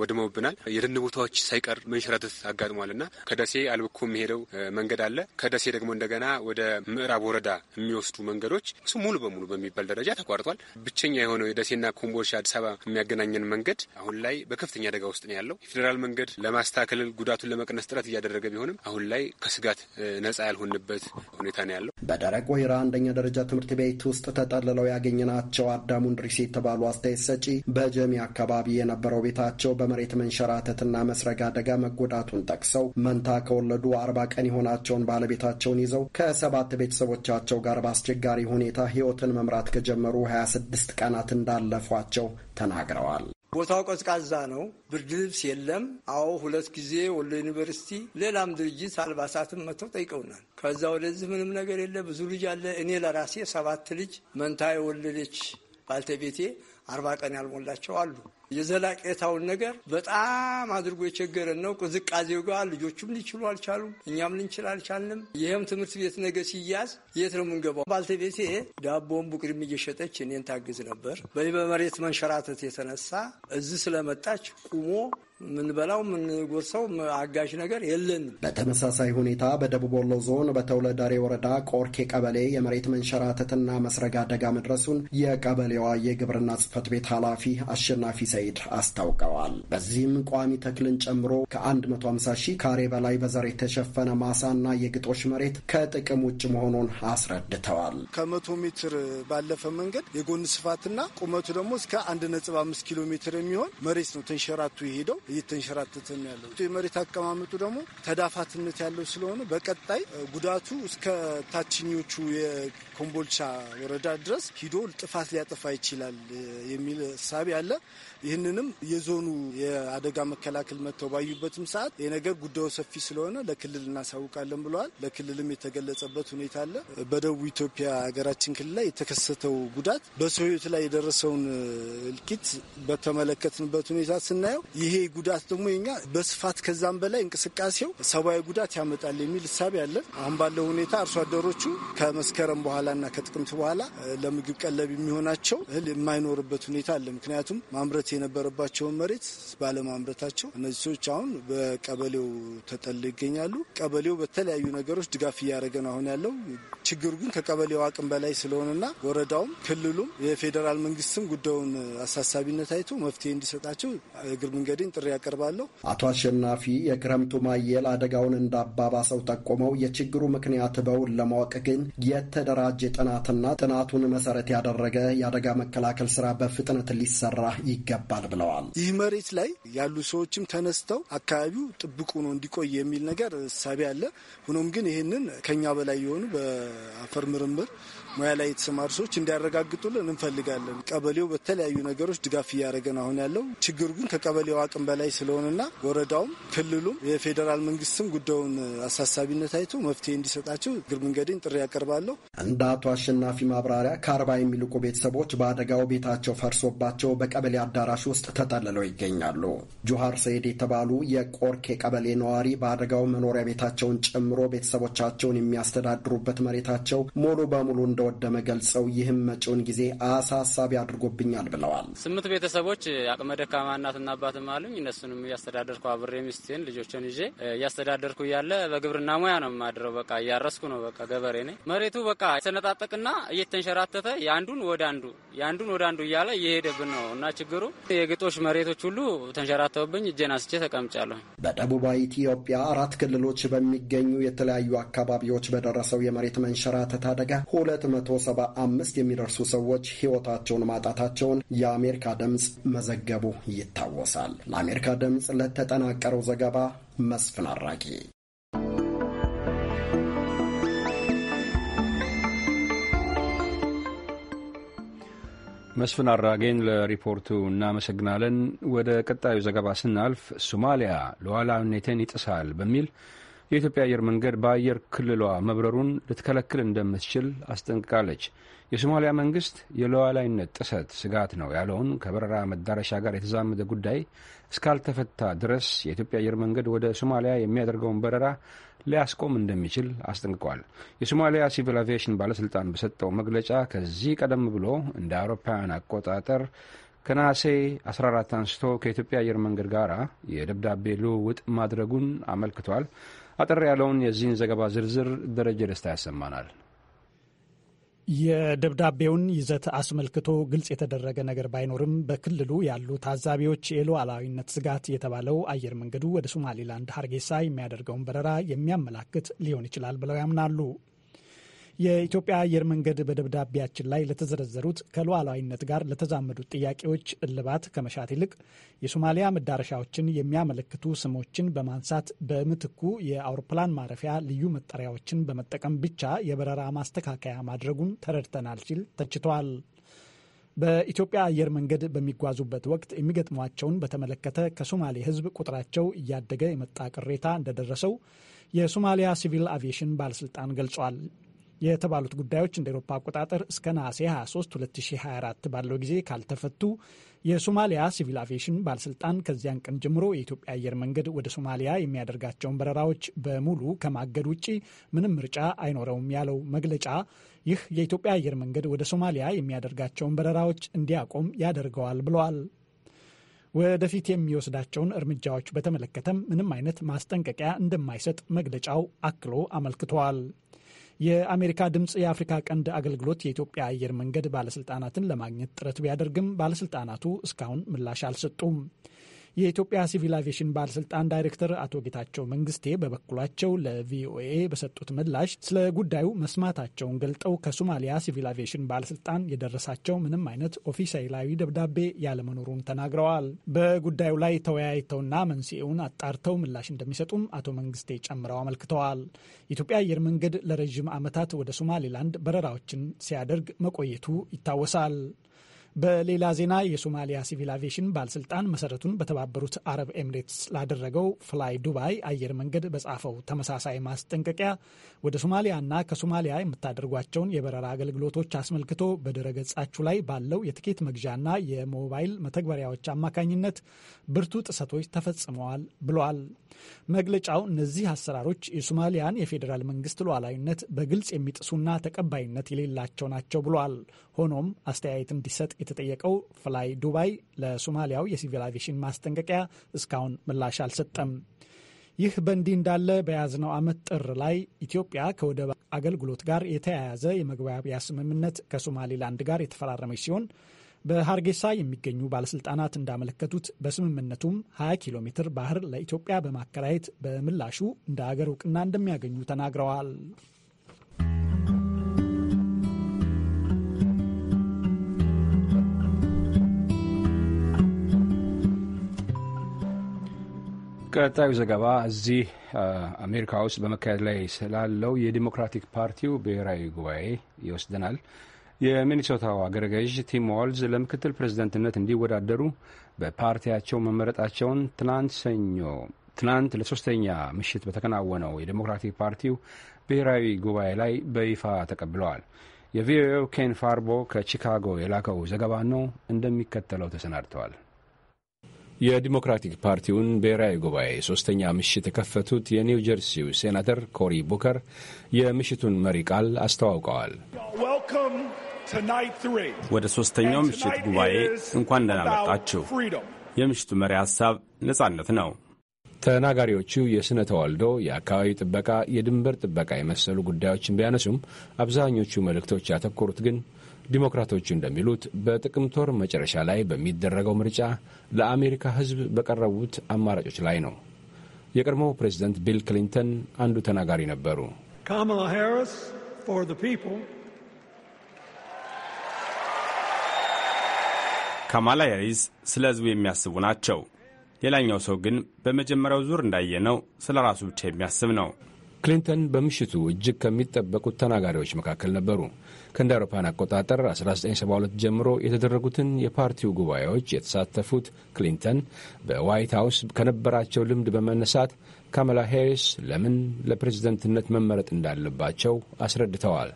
ወድመውብናል። የደን ቦታዎች ሳይቀር መንሸራተት አጋጥሟልና ከደሴ አልብኮ የሚሄደው መንገድ አለ። ከደሴ ደግሞ እንደገና ወደ ምዕራብ ወረዳ የሚወስዱ መንገዶች እሱ ሙሉ በሙሉ በሚባል ደረጃ ተቋርጧል። ብቸኛ የሆነው የደሴና ኮምቦልቻ አዲስ አበባ የሚያገናኘን መንገድ አሁን ላይ በከፍተኛ አደጋ ውስጥ ነው ያለው። የፌዴራል መንገድ ለማስተካከል ጉዳቱን ለመቀነስ ጥረት እያደረገ ቢሆንም አሁን ላይ ከስጋት ነጻ ያልሆንበት ሁኔታ ነው ያለው። በደረቅ ወይራ አንደኛ ደረጃ ትምህርት ቤት ውስጥ ተጠልለው ያገኘናቸው አዳሙ እንድሪስ የተባሉ አስተያየት ሰጪ በጀሚ አካባቢ የነበረው ቤታቸው በመሬት መንሸራተትና መስረግ አደጋ መጎዳቱን ጠቅሰው መንታ ከወለዱ አርባ ቀን የሆናቸውን ባለቤታቸውን ይዘው ከሰባት ቤተሰቦቻቸው ጋር በአስቸጋሪ ሁኔታ ህይወትን መምራት ከጀመሩ 26 ቀናት እንዳለፏቸው ተናግረዋል። ቦታው ቀዝቃዛ ነው። ብርድ ልብስ የለም። አዎ ሁለት ጊዜ ወሎ ዩኒቨርሲቲ፣ ሌላም ድርጅት አልባሳትም መጥተው ጠይቀውናል። ከዛ ወደዚህ ምንም ነገር የለ። ብዙ ልጅ አለ። እኔ ለራሴ ሰባት ልጅ መንታ የወለደች ባልተቤቴ አርባ ቀን ያልሞላቸው አሉ። የዘላቄታውን ነገር በጣም አድርጎ የቸገረን ነው። ቅዝቃዜው ጋር ልጆቹም ሊችሉ አልቻሉም፣ እኛም ልንችል አልቻልንም። ይህም ትምህርት ቤት ነገ ሲያዝ የት ነው የምንገባው? ባልተቤቴ ዳቦን ቡቅድም እየሸጠች እኔን ታግዝ ነበር። በዚህ በመሬት መንሸራተት የተነሳ እዚህ ስለመጣች ቁሞ ምንበላው ምንጎርሰው አጋዥ ነገር የለንም። በተመሳሳይ ሁኔታ በደቡብ ወሎ ዞን በተውለዳሬ ወረዳ ቆርኬ ቀበሌ የመሬት መንሸራተትና መስረግ አደጋ መድረሱን የቀበሌዋ የግብርና ጽህፈት ቤት ኃላፊ አሸናፊ ሰ ሰይድ አስታውቀዋል። በዚህም ቋሚ ተክልን ጨምሮ ከ150 ሺህ ካሬ በላይ በዘር የተሸፈነ ማሳና የግጦሽ መሬት ከጥቅም ውጭ መሆኑን አስረድተዋል። ከመቶ ሜትር ባለፈ መንገድ የጎን ስፋትና ቁመቱ ደግሞ እስከ 1.5 ኪሎ ሜትር የሚሆን መሬት ነው ተንሸራቱ የሄደው እየተንሸራተተ ነው ያለው። የመሬት አቀማመጡ ደግሞ ተዳፋትነት ያለው ስለሆነ በቀጣይ ጉዳቱ እስከ ታችኞቹ የኮምቦልቻ ወረዳ ድረስ ሂዶ ጥፋት ሊያጠፋ ይችላል የሚል እሳቤ አለ። ይህንንም የዞኑ የአደጋ መከላከል መጥተው ባዩበትም ሰዓት ይህ ነገር ጉዳዩ ሰፊ ስለሆነ ለክልል እናሳውቃለን ብለዋል። ለክልልም የተገለጸበት ሁኔታ አለ። በደቡብ ኢትዮጵያ ሀገራችን ክልል ላይ የተከሰተው ጉዳት በሰው ላይ የደረሰውን እልቂት በተመለከትንበት ሁኔታ ስናየው ይሄ ጉዳት ደግሞ የኛ በስፋት ከዛም በላይ እንቅስቃሴው ሰብአዊ ጉዳት ያመጣል የሚል እሳቤ ያለን አሁን ባለው ሁኔታ አርሶ አደሮቹ ከመስከረም በኋላና ከጥቅምት በኋላ ለምግብ ቀለብ የሚሆናቸው እህል የማይኖርበት ሁኔታ አለ። ምክንያቱም ማምረት የነበረባቸውን መሬት ባለማምረታቸው እነዚህ ሰዎች አሁን በቀበሌው ተጠል ይገኛሉ። ቀበሌው በተለያዩ ነገሮች ድጋፍ እያደረገ ነው አሁን ያለው። ችግሩ ግን ከቀበሌው አቅም በላይ ስለሆነና ወረዳውም ክልሉም የፌዴራል መንግስትም ጉዳዩን አሳሳቢነት አይቶ መፍትሄ እንዲሰጣቸው እግር መንገድን ጥሪ ያቀርባለሁ። አቶ አሸናፊ የክረምቱ ማየል አደጋውን እንዳባባሰው ጠቁመው የችግሩ ምክንያት በውን ለማወቅ ግን የተደራጀ ጥናትና ጥናቱን መሰረት ያደረገ የአደጋ መከላከል ስራ በፍጥነት ሊሰራ ይገባል ይገባል ብለዋል። ይህ መሬት ላይ ያሉ ሰዎችም ተነስተው አካባቢው ጥብቁ ነው እንዲቆይ የሚል ነገር እሳቤ አለ። ሆኖም ግን ይህንን ከኛ በላይ የሆኑ በአፈር ምርምር ሙያ ላይ የተሰማሩ ሰዎች እንዲያረጋግጡልን እንፈልጋለን። ቀበሌው በተለያዩ ነገሮች ድጋፍ እያደረገን አሁን ያለው ችግሩ ግን ከቀበሌው አቅም በላይ ስለሆነና ወረዳውም ክልሉም የፌዴራል መንግስትም ጉዳዩን አሳሳቢነት አይቶ መፍትሄ እንዲሰጣቸው እግር መንገድን ጥሪ ያቀርባለሁ። እንደ አቶ አሸናፊ ማብራሪያ ከአርባ የሚልቁ ቤተሰቦች በአደጋው ቤታቸው ፈርሶባቸው በቀበሌ አዳራሽ ውስጥ ተጠልለው ይገኛሉ። ጁሃር ሰይድ የተባሉ የቆርኬ ቀበሌ ነዋሪ በአደጋው መኖሪያ ቤታቸውን ጨምሮ ቤተሰቦቻቸውን የሚያስተዳድሩበት መሬታቸው ሙሉ በሙሉ እንደ እንደወደመ ገልጸው ይህም መጪውን ጊዜ አሳሳቢ አድርጎብኛል ብለዋል። ስምንት ቤተሰቦች አቅመ ደካማ እናትና አባትም አሉኝ። እነሱንም እያስተዳደርኩ አብሬ ሚስቴን ልጆችን ይዤ እያስተዳደርኩ እያለ በግብርና ሙያ ነው የማድረው። በቃ እያረስኩ ነው። በቃ ገበሬ ነኝ። መሬቱ በቃ የተነጣጠቅና እየተንሸራተተ የአንዱን ወደ አንዱ የአንዱን ወደ አንዱ እያለ እየሄደብን ነው እና ችግሩ የግጦሽ መሬቶች ሁሉ ተንሸራተውብኝ እጄን አስቼ ተቀምጫለሁ። በደቡባዊ ኢትዮጵያ አራት ክልሎች በሚገኙ የተለያዩ አካባቢዎች በደረሰው የመሬት መንሸራተት አደጋ አምስት የሚደርሱ ሰዎች ህይወታቸውን ማጣታቸውን የአሜሪካ ድምፅ መዘገቡ ይታወሳል። ለአሜሪካ ድምፅ ለተጠናቀረው ዘገባ መስፍን አራቂ መስፍን አራጌን ለሪፖርቱ እናመሰግናለን። ወደ ቀጣዩ ዘገባ ስናልፍ ሶማሊያ ሉዓላዊነቴን ይጥሳል በሚል የኢትዮጵያ አየር መንገድ በአየር ክልሏ መብረሩን ልትከለክል እንደምትችል አስጠንቅቃለች። የሶማሊያ መንግስት የሉዓላዊነት ጥሰት ስጋት ነው ያለውን ከበረራ መዳረሻ ጋር የተዛመደ ጉዳይ እስካልተፈታ ድረስ የኢትዮጵያ አየር መንገድ ወደ ሶማሊያ የሚያደርገውን በረራ ሊያስቆም እንደሚችል አስጠንቅቋል። የሶማሊያ ሲቪል አቪዬሽን ባለስልጣን በሰጠው መግለጫ ከዚህ ቀደም ብሎ እንደ አውሮፓውያን አቆጣጠር ከነሐሴ 14 አንስቶ ከኢትዮጵያ አየር መንገድ ጋር የደብዳቤ ልውውጥ ማድረጉን አመልክቷል። አጠር ያለውን የዚህን ዘገባ ዝርዝር ደረጀ ደስታ ያሰማናል። የደብዳቤውን ይዘት አስመልክቶ ግልጽ የተደረገ ነገር ባይኖርም በክልሉ ያሉ ታዛቢዎች የሉዓላዊነት ስጋት የተባለው አየር መንገዱ ወደ ሶማሌላንድ ሀርጌሳ የሚያደርገውን በረራ የሚያመላክት ሊሆን ይችላል ብለው ያምናሉ። የኢትዮጵያ አየር መንገድ በደብዳቤያችን ላይ ለተዘረዘሩት ከሉዓላዊነት ጋር ለተዛመዱት ጥያቄዎች እልባት ከመሻት ይልቅ የሶማሊያ መዳረሻዎችን የሚያመለክቱ ስሞችን በማንሳት በምትኩ የአውሮፕላን ማረፊያ ልዩ መጠሪያዎችን በመጠቀም ብቻ የበረራ ማስተካከያ ማድረጉን ተረድተናል ሲል ተችቷል። በኢትዮጵያ አየር መንገድ በሚጓዙበት ወቅት የሚገጥሟቸውን በተመለከተ ከሶማሌ ሕዝብ ቁጥራቸው እያደገ የመጣ ቅሬታ እንደደረሰው የሶማሊያ ሲቪል አቪዬሽን ባለስልጣን ገልጿል። የተባሉት ጉዳዮች እንደ ኤሮፓ አቆጣጠር እስከ ነሐሴ 23 2024 ባለው ጊዜ ካልተፈቱ የሶማሊያ ሲቪል አቪዬሽን ባለስልጣን ከዚያን ቀን ጀምሮ የኢትዮጵያ አየር መንገድ ወደ ሶማሊያ የሚያደርጋቸውን በረራዎች በሙሉ ከማገድ ውጭ ምንም ምርጫ አይኖረውም ያለው መግለጫ ይህ የኢትዮጵያ አየር መንገድ ወደ ሶማሊያ የሚያደርጋቸውን በረራዎች እንዲያቆም ያደርገዋል ብለዋል። ወደፊት የሚወስዳቸውን እርምጃዎች በተመለከተም ምንም አይነት ማስጠንቀቂያ እንደማይሰጥ መግለጫው አክሎ አመልክተዋል። የአሜሪካ ድምፅ የአፍሪካ ቀንድ አገልግሎት የኢትዮጵያ አየር መንገድ ባለስልጣናትን ለማግኘት ጥረት ቢያደርግም ባለስልጣናቱ እስካሁን ምላሽ አልሰጡም። የኢትዮጵያ ሲቪል አቪዬሽን ባለስልጣን ዳይሬክተር አቶ ጌታቸው መንግስቴ በበኩላቸው ለቪኦኤ በሰጡት ምላሽ ስለ ጉዳዩ መስማታቸውን ገልጠው ከሶማሊያ ሲቪል አቪዬሽን ባለስልጣን የደረሳቸው ምንም አይነት ኦፊሴላዊ ደብዳቤ ያለመኖሩን ተናግረዋል። በጉዳዩ ላይ ተወያይተውና መንስኤውን አጣርተው ምላሽ እንደሚሰጡም አቶ መንግስቴ ጨምረው አመልክተዋል። የኢትዮጵያ አየር መንገድ ለረዥም ዓመታት ወደ ሶማሌላንድ በረራዎችን ሲያደርግ መቆየቱ ይታወሳል። በሌላ ዜና የሶማሊያ ሲቪል አቪዬሽን ባለስልጣን መሰረቱን በተባበሩት አረብ ኤምሬትስ ላደረገው ፍላይ ዱባይ አየር መንገድ በጻፈው ተመሳሳይ ማስጠንቀቂያ ወደ ሶማሊያና ከሶማሊያ የምታደርጓቸውን የበረራ አገልግሎቶች አስመልክቶ በድረገጻችሁ ላይ ባለው የትኬት መግዣና የሞባይል መተግበሪያዎች አማካኝነት ብርቱ ጥሰቶች ተፈጽመዋል ብሏል። መግለጫው እነዚህ አሰራሮች የሶማሊያን የፌዴራል መንግስት ሉዓላዊነት በግልጽ የሚጥሱና ተቀባይነት የሌላቸው ናቸው ብሏል። ሆኖም አስተያየት እንዲሰጥ የተጠየቀው ፍላይ ዱባይ ለሶማሊያው የሲቪል አቪሽን ማስጠንቀቂያ እስካሁን ምላሽ አልሰጠም። ይህ በእንዲህ እንዳለ በያዝነው ዓመት ጥር ላይ ኢትዮጵያ ከወደብ አገልግሎት ጋር የተያያዘ የመግባቢያ ስምምነት ከሶማሊላንድ ጋር የተፈራረመች ሲሆን በሀርጌሳ የሚገኙ ባለስልጣናት እንዳመለከቱት በስምምነቱም 20 ኪሎ ሜትር ባህር ለኢትዮጵያ በማከራየት በምላሹ እንደ አገር እውቅና እንደሚያገኙ ተናግረዋል። ቀጣዩ ዘገባ እዚህ አሜሪካ ውስጥ በመካሄድ ላይ ስላለው የዲሞክራቲክ ፓርቲው ብሔራዊ ጉባኤ ይወስደናል። የሚኒሶታው አገረ ገዥ ቲም ዋልዝ ለምክትል ፕሬዝደንትነት እንዲወዳደሩ በፓርቲያቸው መመረጣቸውን ትናንት ሰኞ ትናንት ለሶስተኛ ምሽት በተከናወነው የዲሞክራቲክ ፓርቲው ብሔራዊ ጉባኤ ላይ በይፋ ተቀብለዋል። የቪኦኤው ኬን ፋርቦ ከቺካጎ የላከው ዘገባ ነው፣ እንደሚከተለው ተሰናድተዋል። የዲሞክራቲክ ፓርቲውን ብሔራዊ ጉባኤ ሶስተኛ ምሽት የከፈቱት የኒው ጀርሲው ሴናተር ኮሪ ቡከር የምሽቱን መሪ ቃል አስተዋውቀዋል። ወደ ሶስተኛው ምሽት ጉባኤ እንኳን ደህና መጣችሁ። የምሽቱ መሪ ሀሳብ ነጻነት ነው። ተናጋሪዎቹ የሥነ ተዋልዶ፣ የአካባቢ ጥበቃ፣ የድንበር ጥበቃ የመሰሉ ጉዳዮችን ቢያነሱም አብዛኞቹ መልእክቶች ያተኮሩት ግን ዲሞክራቶቹ እንደሚሉት በጥቅምት ወር መጨረሻ ላይ በሚደረገው ምርጫ ለአሜሪካ ሕዝብ በቀረቡት አማራጮች ላይ ነው። የቀድሞው ፕሬዚደንት ቢል ክሊንተን አንዱ ተናጋሪ ነበሩ። ካማላ ሃሪስ ስለ ህዝቡ የሚያስቡ ናቸው። ሌላኛው ሰው ግን በመጀመሪያው ዙር እንዳየነው ስለ ራሱ ብቻ የሚያስብ ነው። ክሊንተን በምሽቱ እጅግ ከሚጠበቁት ተናጋሪዎች መካከል ነበሩ። ከእንደ አውሮፓን አቆጣጠር 1972 ጀምሮ የተደረጉትን የፓርቲው ጉባኤዎች የተሳተፉት ክሊንተን በዋይት ሀውስ ከነበራቸው ልምድ በመነሳት ካማላ ሄሪስ ለምን ለፕሬዝደንትነት መመረጥ እንዳለባቸው አስረድተዋል።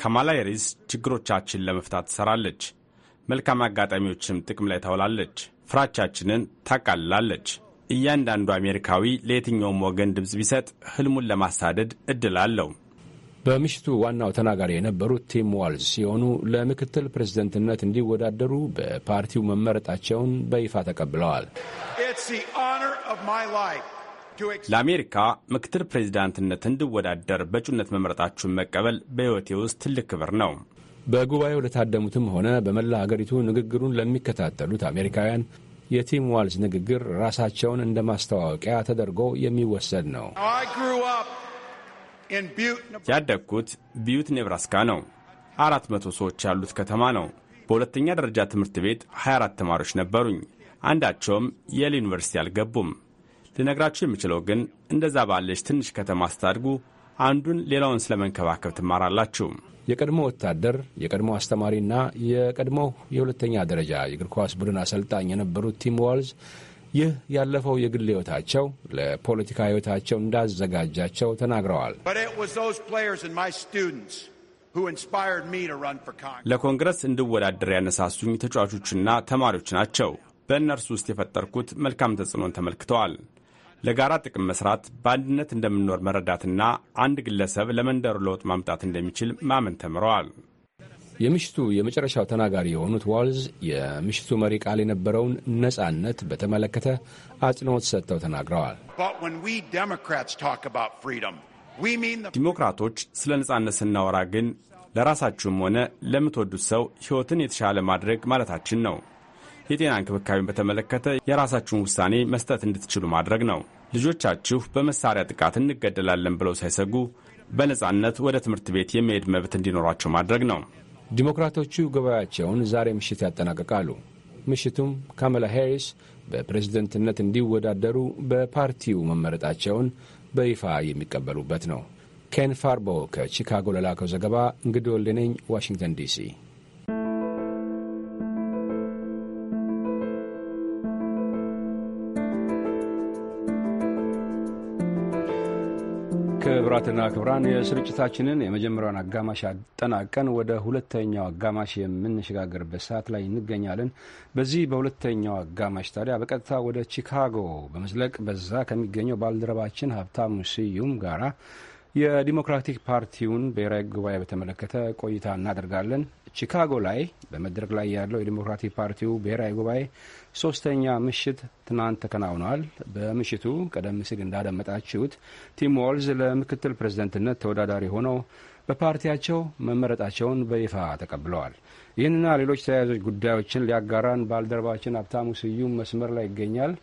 ካማላ ሄሪስ ችግሮቻችን ለመፍታት ትሰራለች። መልካም አጋጣሚዎችም ጥቅም ላይ ታውላለች። ፍራቻችንን ታቃልላለች። እያንዳንዱ አሜሪካዊ ለየትኛውም ወገን ድምፅ ቢሰጥ ህልሙን ለማሳደድ እድል አለው። በምሽቱ ዋናው ተናጋሪ የነበሩት ቲም ዋልዝ ሲሆኑ ለምክትል ፕሬዝደንትነት እንዲወዳደሩ በፓርቲው መመረጣቸውን በይፋ ተቀብለዋል። ለአሜሪካ ምክትል ፕሬዚዳንትነት እንድወዳደር በእጩነት መምረጣችሁን መቀበል በሕይወቴ ውስጥ ትልቅ ክብር ነው። በጉባኤው ለታደሙትም ሆነ በመላ አገሪቱ ንግግሩን ለሚከታተሉት አሜሪካውያን የቲም ዋልዝ ንግግር ራሳቸውን እንደ ማስተዋወቂያ ተደርጎ የሚወሰድ ነው። ያደግኩት ቢዩት ኔብራስካ ነው። አራት መቶ ሰዎች ያሉት ከተማ ነው። በሁለተኛ ደረጃ ትምህርት ቤት 24 ተማሪዎች ነበሩኝ። አንዳቸውም የል ዩኒቨርሲቲ አልገቡም። ልነግራችሁ የምችለው ግን እንደዛ ባለች ትንሽ ከተማ ስታድጉ አንዱን ሌላውን ስለመንከባከብ ትማራላችሁ። የቀድሞ ወታደር፣ የቀድሞ አስተማሪና የቀድሞ የሁለተኛ ደረጃ የእግር ኳስ ቡድን አሰልጣኝ የነበሩት ቲም ዋልዝ ይህ ያለፈው የግል ሕይወታቸው ለፖለቲካ ሕይወታቸው እንዳዘጋጃቸው ተናግረዋል። ለኮንግረስ እንድወዳደር ያነሳሱኝ ተጫዋቾችና ተማሪዎች ናቸው። በእነርሱ ውስጥ የፈጠርኩት መልካም ተጽዕኖን ተመልክተዋል። ለጋራ ጥቅም መስራት፣ በአንድነት እንደምንኖር መረዳትና አንድ ግለሰብ ለመንደሩ ለውጥ ማምጣት እንደሚችል ማመን ተምረዋል። የምሽቱ የመጨረሻው ተናጋሪ የሆኑት ዋልዝ የምሽቱ መሪ ቃል የነበረውን ነጻነት በተመለከተ አጽንኦት ሰጥተው ተናግረዋል። ዲሞክራቶች ስለ ነጻነት ስናወራ ግን ለራሳችሁም ሆነ ለምትወዱት ሰው ሕይወትን የተሻለ ማድረግ ማለታችን ነው። የጤና እንክብካቤን በተመለከተ የራሳችሁን ውሳኔ መስጠት እንድትችሉ ማድረግ ነው። ልጆቻችሁ በመሳሪያ ጥቃት እንገደላለን ብለው ሳይሰጉ በነጻነት ወደ ትምህርት ቤት የመሄድ መብት እንዲኖራቸው ማድረግ ነው። ዲሞክራቶቹ ጉባኤያቸውን ዛሬ ምሽት ያጠናቅቃሉ። ምሽቱም ካመላ ሄሪስ በፕሬዝደንትነት እንዲወዳደሩ በፓርቲው መመረጣቸውን በይፋ የሚቀበሉበት ነው። ኬን ፋርቦ ከቺካጎ ለላከው ዘገባ እንግዶ ወልዴ ዋሽንግተን ዲሲ ክብራትና ክብራን የስርጭታችንን የመጀመሪያውን አጋማሽ አጠናቀን ወደ ሁለተኛው አጋማሽ የምንሸጋገርበት ሰዓት ላይ እንገኛለን። በዚህ በሁለተኛው አጋማሽ ታዲያ በቀጥታ ወደ ቺካጎ በመዝለቅ በዛ ከሚገኘው ባልደረባችን ሀብታሙ ስዩም ጋራ የዲሞክራቲክ ፓርቲውን ብሔራዊ ጉባኤ በተመለከተ ቆይታ እናደርጋለን። ቺካጎ ላይ በመድረክ ላይ ያለው የዲሞክራቲክ ፓርቲው ብሔራዊ ጉባኤ ሶስተኛ ምሽት ትናንት ተከናውኗል። በምሽቱ ቀደም ሲል እንዳደመጣችሁት ቲም ዋልዝ ለምክትል ፕሬዝደንትነት ተወዳዳሪ ሆነው በፓርቲያቸው መመረጣቸውን በይፋ ተቀብለዋል። ይህንና ሌሎች ተያያዞች ጉዳዮችን ሊያጋራን ባልደረባችን ሀብታሙ ስዩም መስመር ላይ ይገኛል።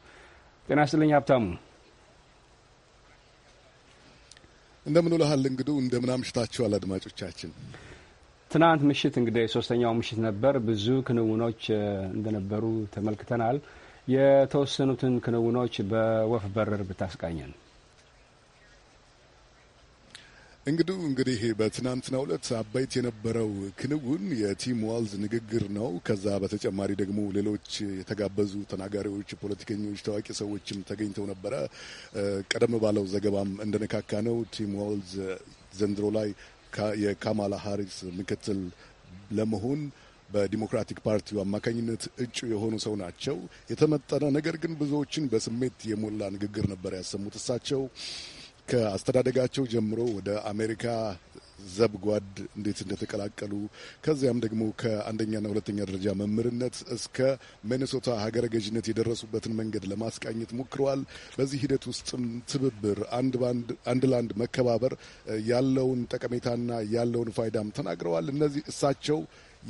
ጤና ይስጥልኝ ሀብታሙ። እንደምን ውለሃል እንግዱ። እንደምን አምሽታችኋል አድማጮቻችን። ትናንት ምሽት እንግዲህ ሶስተኛው ምሽት ነበር። ብዙ ክንውኖች እንደነበሩ ተመልክተናል። የተወሰኑትን ክንውኖች በወፍ በረር ብታስቃኘን። እንግዲህ እንግዲህ በትናንትናው ዕለት አበይት የነበረው ክንውን የቲም ዋልዝ ንግግር ነው። ከዛ በተጨማሪ ደግሞ ሌሎች የተጋበዙ ተናጋሪዎች፣ ፖለቲከኞች፣ ታዋቂ ሰዎችም ተገኝተው ነበረ። ቀደም ባለው ዘገባም እንደነካካ ነው ቲም ዋልዝ ዘንድሮ ላይ የካማላ ሃሪስ ምክትል ለመሆን በዲሞክራቲክ ፓርቲው አማካኝነት እጩ የሆኑ ሰው ናቸው። የተመጠነ ነገር ግን ብዙዎችን በስሜት የሞላ ንግግር ነበር ያሰሙት እሳቸው ከአስተዳደጋቸው ጀምሮ ወደ አሜሪካ ዘብጓድ እንዴት እንደተቀላቀሉ ከዚያም ደግሞ ከአንደኛና ሁለተኛ ደረጃ መምህርነት እስከ ሚኒሶታ ሀገረ ገዥነት የደረሱበትን መንገድ ለማስቃኘት ሞክረዋል። በዚህ ሂደት ውስጥም ትብብር፣ አንድ ለአንድ መከባበር ያለውን ጠቀሜታና ያለውን ፋይዳም ተናግረዋል። እነዚህ እሳቸው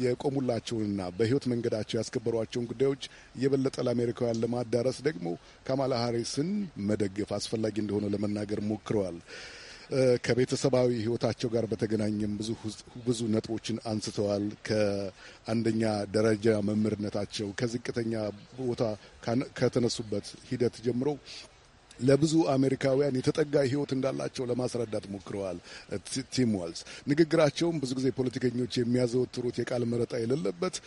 የቆሙላቸውንና በህይወት መንገዳቸው ያስከበሯቸውን ጉዳዮች የበለጠ ለአሜሪካውያን ለማዳረስ ደግሞ ካማላ ሃሪስን መደገፍ አስፈላጊ እንደሆነ ለመናገር ሞክረዋል። ከቤተሰባዊ ህይወታቸው ጋር በተገናኘም ብዙ ነጥቦችን አንስተዋል። ከአንደኛ ደረጃ መምህርነታቸው ከዝቅተኛ ቦታ ከተነሱበት ሂደት ጀምሮ ለብዙ አሜሪካውያን የተጠጋ ህይወት እንዳላቸው ለማስረዳት ሞክረዋል። ቲም ዋልስ ንግግራቸውም ብዙ ጊዜ ፖለቲከኞች የሚያዘወትሩት የቃል መረጣ የሌለበት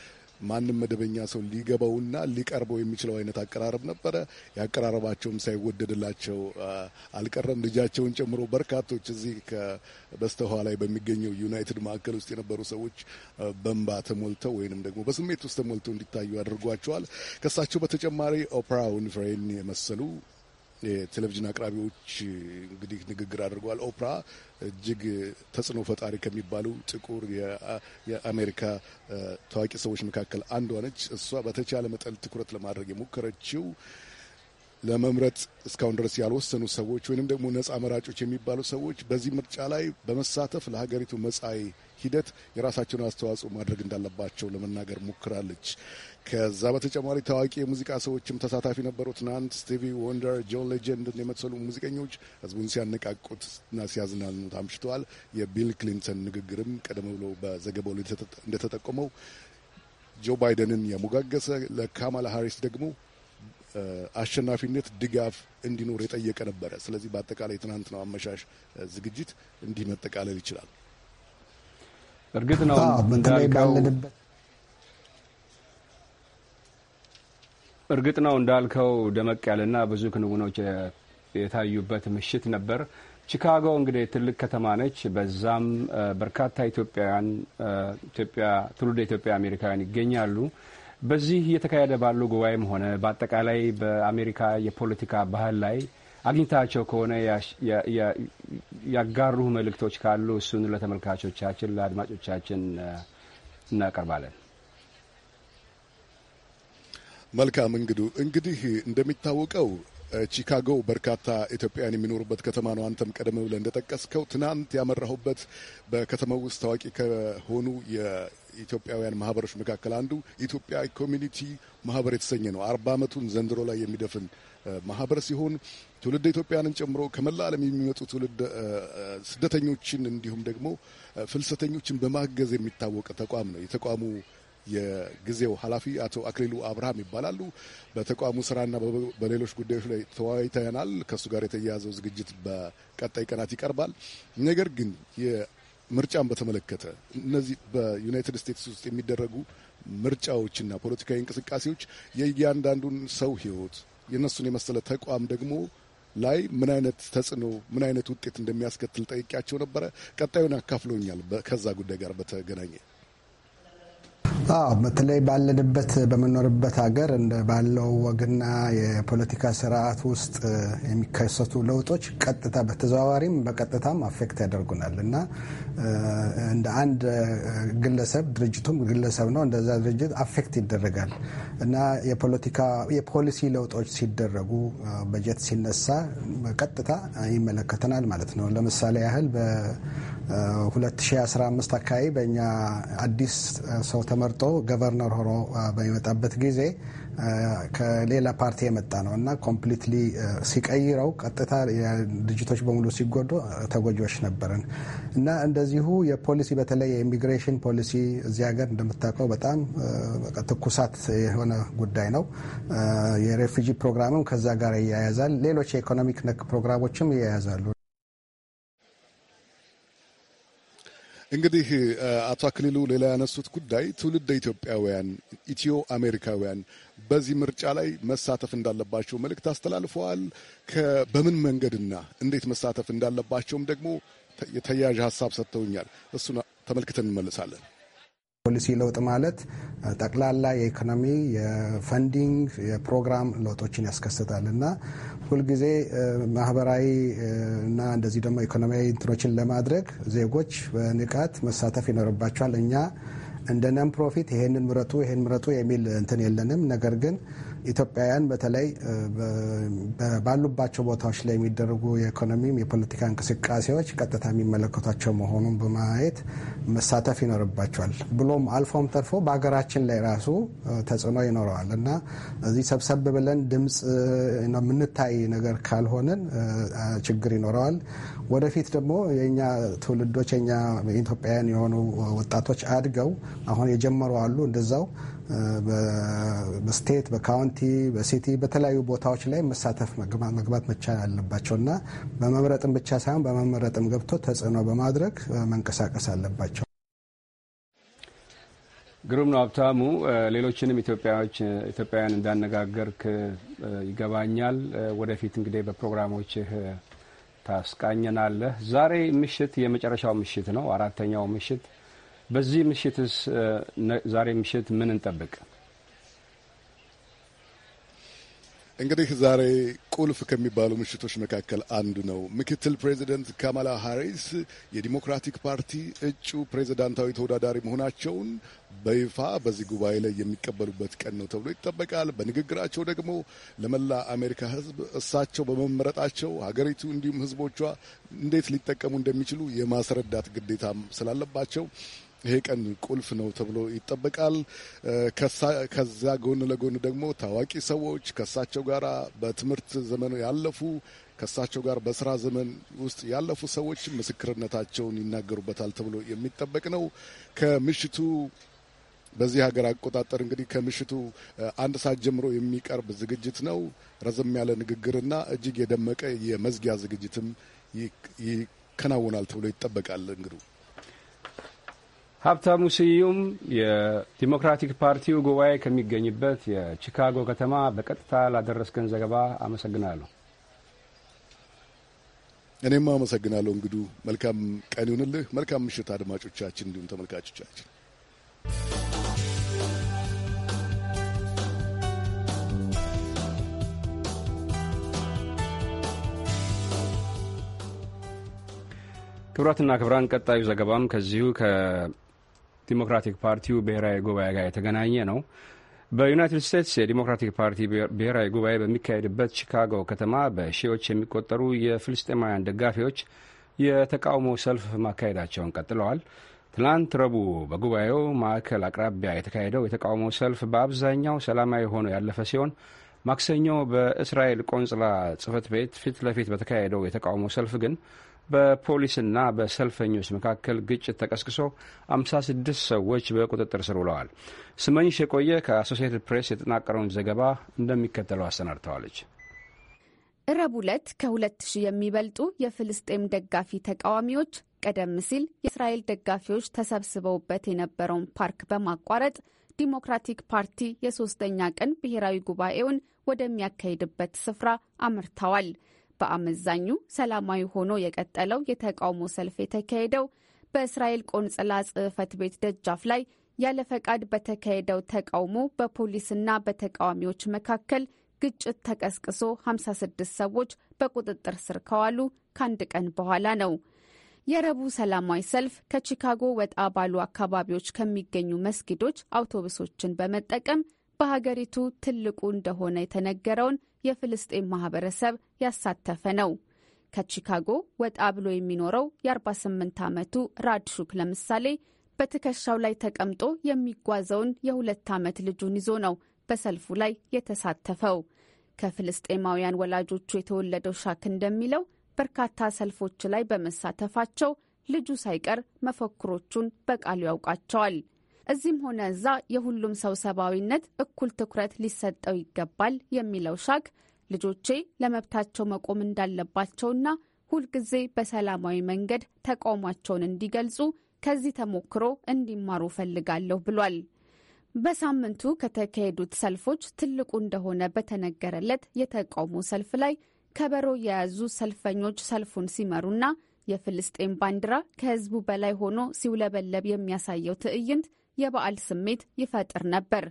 ማንም መደበኛ ሰው ሊገባውና ሊቀርበው የሚችለው አይነት አቀራረብ ነበረ። የአቀራረባቸውም ሳይወደድላቸው አልቀረም። ልጃቸውን ጨምሮ በርካቶች እዚህ በስተኋ ላይ በሚገኘው ዩናይትድ ማዕከል ውስጥ የነበሩ ሰዎች በእንባ ተሞልተው ወይንም ደግሞ በስሜት ውስጥ ተሞልተው እንዲታዩ አድርጓቸዋል። ከእሳቸው በተጨማሪ ኦፕራ ዊንፍሬን የመሰሉ የቴሌቪዥን አቅራቢዎች እንግዲህ ንግግር አድርገዋል። ኦፕራ እጅግ ተጽዕኖ ፈጣሪ ከሚባሉ ጥቁር የአሜሪካ ታዋቂ ሰዎች መካከል አንዷ ነች። እሷ በተቻለ መጠን ትኩረት ለማድረግ የሞከረችው ለመምረጥ እስካሁን ድረስ ያልወሰኑ ሰዎች ወይንም ደግሞ ነጻ መራጮች የሚባሉ ሰዎች በዚህ ምርጫ ላይ በመሳተፍ ለሀገሪቱ መጻኢ ሂደት የራሳቸውን አስተዋጽኦ ማድረግ እንዳለባቸው ለመናገር ሞክራለች። ከዛ በተጨማሪ ታዋቂ የሙዚቃ ሰዎችም ተሳታፊ ነበሩ። ትናንት ስቲቪ ወንደር፣ ጆን ሌጀንድ የመሰሉ ሙዚቀኞች ህዝቡን ሲያነቃቁትና ሲያዝናኑት አምሽተዋል። የቢል ክሊንተን ንግግርም ቀደም ብሎ በዘገባው ላይ እንደተጠቆመው ጆ ባይደንን ያሞጋገሰ ለካማላ ሃሪስ ደግሞ አሸናፊነት ድጋፍ እንዲኖር የጠየቀ ነበረ። ስለዚህ በአጠቃላይ ትናንት ነው አመሻሽ ዝግጅት እንዲህ መጠቃለል ይችላል። እርግጥ ነው እርግጥ ነው እንዳልከው ደመቅ ያለና ብዙ ክንውኖች የታዩበት ምሽት ነበር። ቺካጎ እንግዲህ ትልቅ ከተማ ነች። በዛም በርካታ ኢትዮጵያውያን ኢትዮጵያ ትውልደ ኢትዮጵያ አሜሪካውያን ይገኛሉ። በዚህ እየተካሄደ ባሉ ጉባኤም ሆነ በአጠቃላይ በአሜሪካ የፖለቲካ ባህል ላይ አግኝታቸው ከሆነ ያጋሩህ መልእክቶች ካሉ እሱን ለተመልካቾቻችን ለአድማጮቻችን እናቀርባለን። መልካም እንግዱ እንግዲህ እንደሚታወቀው ቺካጎ በርካታ ኢትዮጵያውያን የሚኖሩበት ከተማ ነው። አንተም ቀደም ብለህ እንደጠቀስከው ትናንት ያመራሁበት በከተማው ውስጥ ታዋቂ ከሆኑ የኢትዮጵያውያን ማህበሮች መካከል አንዱ ኢትዮጵያ ኮሚኒቲ ማህበር የተሰኘ ነው። አርባ ዓመቱን ዘንድሮ ላይ የሚደፍን ማህበር ሲሆን ትውልደ ኢትዮጵያንን ጨምሮ ከመላ ዓለም የሚመጡ ትውልድ ስደተኞችን እንዲሁም ደግሞ ፍልሰተኞችን በማገዝ የሚታወቅ ተቋም ነው። የተቋሙ የጊዜው ኃላፊ አቶ አክሊሉ አብርሃም ይባላሉ። በተቋሙ ስራና በሌሎች ጉዳዮች ላይ ተወያይተናል። ከእሱ ጋር የተያያዘው ዝግጅት በቀጣይ ቀናት ይቀርባል። ነገር ግን ምርጫን በተመለከተ እነዚህ በዩናይትድ ስቴትስ ውስጥ የሚደረጉ ምርጫዎችና ፖለቲካዊ እንቅስቃሴዎች የእያንዳንዱን ሰው ህይወት የእነሱን የመሰለ ተቋም ደግሞ ላይ ምን አይነት ተጽዕኖ ምን አይነት ውጤት እንደሚያስከትል ጠይቄያቸው ነበረ። ቀጣዩን አካፍሎኛል ከዛ ጉዳይ ጋር በተገናኘ አዎ በተለይ ባለንበት በምኖርበት ሀገር ባለው ወግና የፖለቲካ ስርዓት ውስጥ የሚከሰቱ ለውጦች ቀጥታ በተዘዋዋሪም በቀጥታም አፌክት ያደርጉናል እና እንደ አንድ ግለሰብ ድርጅቱም ግለሰብ ነው፣ እንደዛ ድርጅት አፌክት ይደረጋል እና የፖለቲካ የፖሊሲ ለውጦች ሲደረጉ በጀት ሲነሳ ቀጥታ ይመለከተናል ማለት ነው። ለምሳሌ ያህል በ2015 አካባቢ በእኛ አዲስ ሰው ተመርጦ ገቨርነር ሆኖ በሚመጣበት ጊዜ ከሌላ ፓርቲ የመጣ ነው እና ኮምፕሊትሊ ሲቀይረው ቀጥታ ድርጅቶች በሙሉ ሲጎዱ ተጎጂዎች ነበርን እና እንደዚሁ የፖሊሲ በተለይ የኢሚግሬሽን ፖሊሲ እዚህ ሀገር እንደምታውቀው በጣም ትኩሳት የሆነ ጉዳይ ነው። የሬፊጂ ፕሮግራምም ከዛ ጋር ይያያዛል። ሌሎች የኢኮኖሚክ ነክ ፕሮግራሞችም ይያያዛሉ። እንግዲህ አቶ አክሊሉ ሌላ ያነሱት ጉዳይ ትውልደ ኢትዮጵያውያን ኢትዮ አሜሪካውያን በዚህ ምርጫ ላይ መሳተፍ እንዳለባቸው መልእክት አስተላልፈዋል። በምን መንገድና እንዴት መሳተፍ እንዳለባቸውም ደግሞ የተያያዥ ሀሳብ ሰጥተውኛል። እሱን ተመልክተን እንመልሳለን። ፖሊሲ ለውጥ ማለት ጠቅላላ የኢኮኖሚ የፈንዲንግ የፕሮግራም ለውጦችን ያስከስታል እና ሁልጊዜ ማህበራዊ እና እንደዚህ ደግሞ ኢኮኖሚያዊ እንትኖችን ለማድረግ ዜጎች በንቃት መሳተፍ ይኖርባቸዋል። እኛ እንደ ነን ፕሮፊት ይሄንን ምረጡ ይሄን ምረጡ የሚል እንትን የለንም። ነገር ግን ኢትዮጵያውያን በተለይ ባሉባቸው ቦታዎች ላይ የሚደረጉ የኢኮኖሚም የፖለቲካ እንቅስቃሴዎች ቀጥታ የሚመለከቷቸው መሆኑን በማየት መሳተፍ ይኖርባቸዋል። ብሎም አልፎም ተርፎ በሀገራችን ላይ ራሱ ተጽዕኖ ይኖረዋል እና እዚህ ሰብሰብ ብለን ድምፅ የምንታይ ነገር ካልሆንን ችግር ይኖረዋል። ወደፊት ደግሞ የኛ ትውልዶች የኛ ኢትዮጵያውያን የሆኑ ወጣቶች አድገው አሁን የጀመሩ አሉ እንደዛው በስቴት በካውንቲ በሲቲ በተለያዩ ቦታዎች ላይ መሳተፍ መግባት መቻል አለባቸው እና በመምረጥም ብቻ ሳይሆን በመመረጥም ገብቶ ተጽዕኖ በማድረግ መንቀሳቀስ አለባቸው። ግሩም ነው ሀብታሙ። ሌሎችንም ኢትዮጵያውያን እንዳነጋገርክ ይገባኛል። ወደፊት እንግዲህ በፕሮግራሞችህ ታስቃኘናለህ። ዛሬ ምሽት የመጨረሻው ምሽት ነው፣ አራተኛው ምሽት በዚህ ምሽትስ ዛሬ ምሽት ምን እንጠብቅ? እንግዲህ ዛሬ ቁልፍ ከሚባሉ ምሽቶች መካከል አንዱ ነው። ምክትል ፕሬዚደንት ካማላ ሃሪስ የዲሞክራቲክ ፓርቲ እጩ ፕሬዚዳንታዊ ተወዳዳሪ መሆናቸውን በይፋ በዚህ ጉባኤ ላይ የሚቀበሉበት ቀን ነው ተብሎ ይጠበቃል። በንግግራቸው ደግሞ ለመላ አሜሪካ ሕዝብ እሳቸው በመመረጣቸው ሀገሪቱ እንዲሁም ሕዝቦቿ እንዴት ሊጠቀሙ እንደሚችሉ የማስረዳት ግዴታም ስላለባቸው ይሄ ቀን ቁልፍ ነው ተብሎ ይጠበቃል። ከዛ ጎን ለጎን ደግሞ ታዋቂ ሰዎች ከሳቸው ጋር በትምህርት ዘመን ያለፉ ከእሳቸው ጋር በስራ ዘመን ውስጥ ያለፉ ሰዎች ምስክርነታቸውን ይናገሩበታል ተብሎ የሚጠበቅ ነው። ከምሽቱ በዚህ ሀገር አቆጣጠር እንግዲህ ከምሽቱ አንድ ሰዓት ጀምሮ የሚቀርብ ዝግጅት ነው። ረዘም ያለ ንግግርና እጅግ የደመቀ የመዝጊያ ዝግጅትም ይከናወናል ተብሎ ይጠበቃል እንግዲህ ሀብታሙ ስዩም የዲሞክራቲክ ፓርቲው ጉባኤ ከሚገኝበት የቺካጎ ከተማ በቀጥታ ላደረስከን ዘገባ አመሰግናለሁ። እኔም አመሰግናለሁ እንግዱ። መልካም ቀን ይሁንልህ። መልካም ምሽት አድማጮቻችን፣ እንዲሁም ተመልካቾቻችን። ክቡራትና ክቡራን ቀጣዩ ዘገባም ከዚሁ ዲሞክራቲክ ፓርቲው ብሔራዊ ጉባኤ ጋር የተገናኘ ነው። በዩናይትድ ስቴትስ የዲሞክራቲክ ፓርቲ ብሔራዊ ጉባኤ በሚካሄድበት ቺካጎ ከተማ በሺዎች የሚቆጠሩ የፍልስጤማውያን ደጋፊዎች የተቃውሞ ሰልፍ ማካሄዳቸውን ቀጥለዋል። ትናንት ረቡዕ በጉባኤው ማዕከል አቅራቢያ የተካሄደው የተቃውሞ ሰልፍ በአብዛኛው ሰላማዊ ሆኖ ያለፈ ሲሆን ማክሰኞ በእስራኤል ቆንጽላ ጽህፈት ቤት ፊት ለፊት በተካሄደው የተቃውሞ ሰልፍ ግን በፖሊስና በሰልፈኞች መካከል ግጭት ተቀስቅሶ 56 ሰዎች በቁጥጥር ስር ውለዋል። ስመኝሽ የቆየ ከአሶሲየትድ ፕሬስ የተጠናቀረውን ዘገባ እንደሚከተለው አሰናድተዋለች። ረብ ሁለት ከ2000 የሚበልጡ የፍልስጤም ደጋፊ ተቃዋሚዎች ቀደም ሲል የእስራኤል ደጋፊዎች ተሰብስበውበት የነበረውን ፓርክ በማቋረጥ ዲሞክራቲክ ፓርቲ የሶስተኛ ቀን ብሔራዊ ጉባኤውን ወደሚያካሂድበት ስፍራ አምርተዋል። በአመዛኙ ሰላማዊ ሆኖ የቀጠለው የተቃውሞ ሰልፍ የተካሄደው በእስራኤል ቆንጽላ ጽሕፈት ቤት ደጃፍ ላይ ያለ ፈቃድ በተካሄደው ተቃውሞ በፖሊስና በተቃዋሚዎች መካከል ግጭት ተቀስቅሶ 56 ሰዎች በቁጥጥር ስር ከዋሉ ከአንድ ቀን በኋላ ነው። የረቡዕ ሰላማዊ ሰልፍ ከቺካጎ ወጣ ባሉ አካባቢዎች ከሚገኙ መስጊዶች አውቶቡሶችን በመጠቀም በሀገሪቱ ትልቁ እንደሆነ የተነገረውን የፍልስጤም ማህበረሰብ ያሳተፈ ነው። ከቺካጎ ወጣ ብሎ የሚኖረው የ48 ዓመቱ ራድሹክ ለምሳሌ በትከሻው ላይ ተቀምጦ የሚጓዘውን የሁለት ዓመት ልጁን ይዞ ነው በሰልፉ ላይ የተሳተፈው። ከፍልስጤማውያን ወላጆቹ የተወለደው ሻክ እንደሚለው በርካታ ሰልፎች ላይ በመሳተፋቸው ልጁ ሳይቀር መፈክሮቹን በቃሉ ያውቃቸዋል። እዚህም ሆነ እዛ የሁሉም ሰው ሰብአዊነት እኩል ትኩረት ሊሰጠው ይገባል የሚለው ሻክ ልጆቼ ለመብታቸው መቆም እንዳለባቸውና ሁልጊዜ በሰላማዊ መንገድ ተቃውሟቸውን እንዲገልጹ ከዚህ ተሞክሮ እንዲማሩ ፈልጋለሁ ብሏል። በሳምንቱ ከተካሄዱት ሰልፎች ትልቁ እንደሆነ በተነገረለት የተቃውሞ ሰልፍ ላይ ከበሮ የያዙ ሰልፈኞች ሰልፉን ሲመሩና የፍልስጤን ባንዲራ ከህዝቡ በላይ ሆኖ ሲውለበለብ የሚያሳየው ትዕይንት የበዓል ስሜት ይፈጥር ነበር።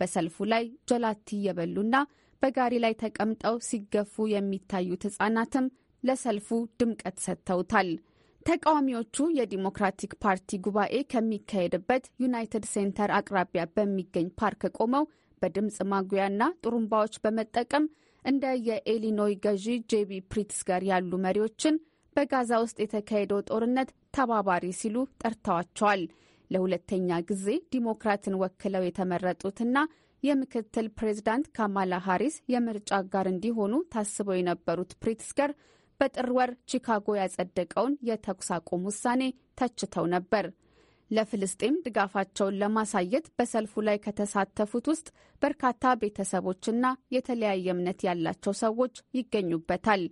በሰልፉ ላይ ጀላቲ የበሉና በጋሪ ላይ ተቀምጠው ሲገፉ የሚታዩት ህጻናትም ለሰልፉ ድምቀት ሰጥተውታል። ተቃዋሚዎቹ የዲሞክራቲክ ፓርቲ ጉባኤ ከሚካሄድበት ዩናይትድ ሴንተር አቅራቢያ በሚገኝ ፓርክ ቆመው በድምፅ ማጉያና ጥሩምባዎች በመጠቀም እንደ የኢሊኖይ ገዢ ጄቢ ፕሪትስ ጋር ያሉ መሪዎችን በጋዛ ውስጥ የተካሄደው ጦርነት ተባባሪ ሲሉ ጠርተዋቸዋል። ለሁለተኛ ጊዜ ዲሞክራትን ወክለው የተመረጡትና የምክትል ፕሬዝዳንት ካማላ ሃሪስ የምርጫ አጋር እንዲሆኑ ታስበው የነበሩት ፕሪትስከር በጥር ወር ቺካጎ ያጸደቀውን የተኩስ አቁም ውሳኔ ተችተው ነበር። ለፍልስጤም ድጋፋቸውን ለማሳየት በሰልፉ ላይ ከተሳተፉት ውስጥ በርካታ ቤተሰቦችና የተለያየ እምነት ያላቸው ሰዎች ይገኙበታል።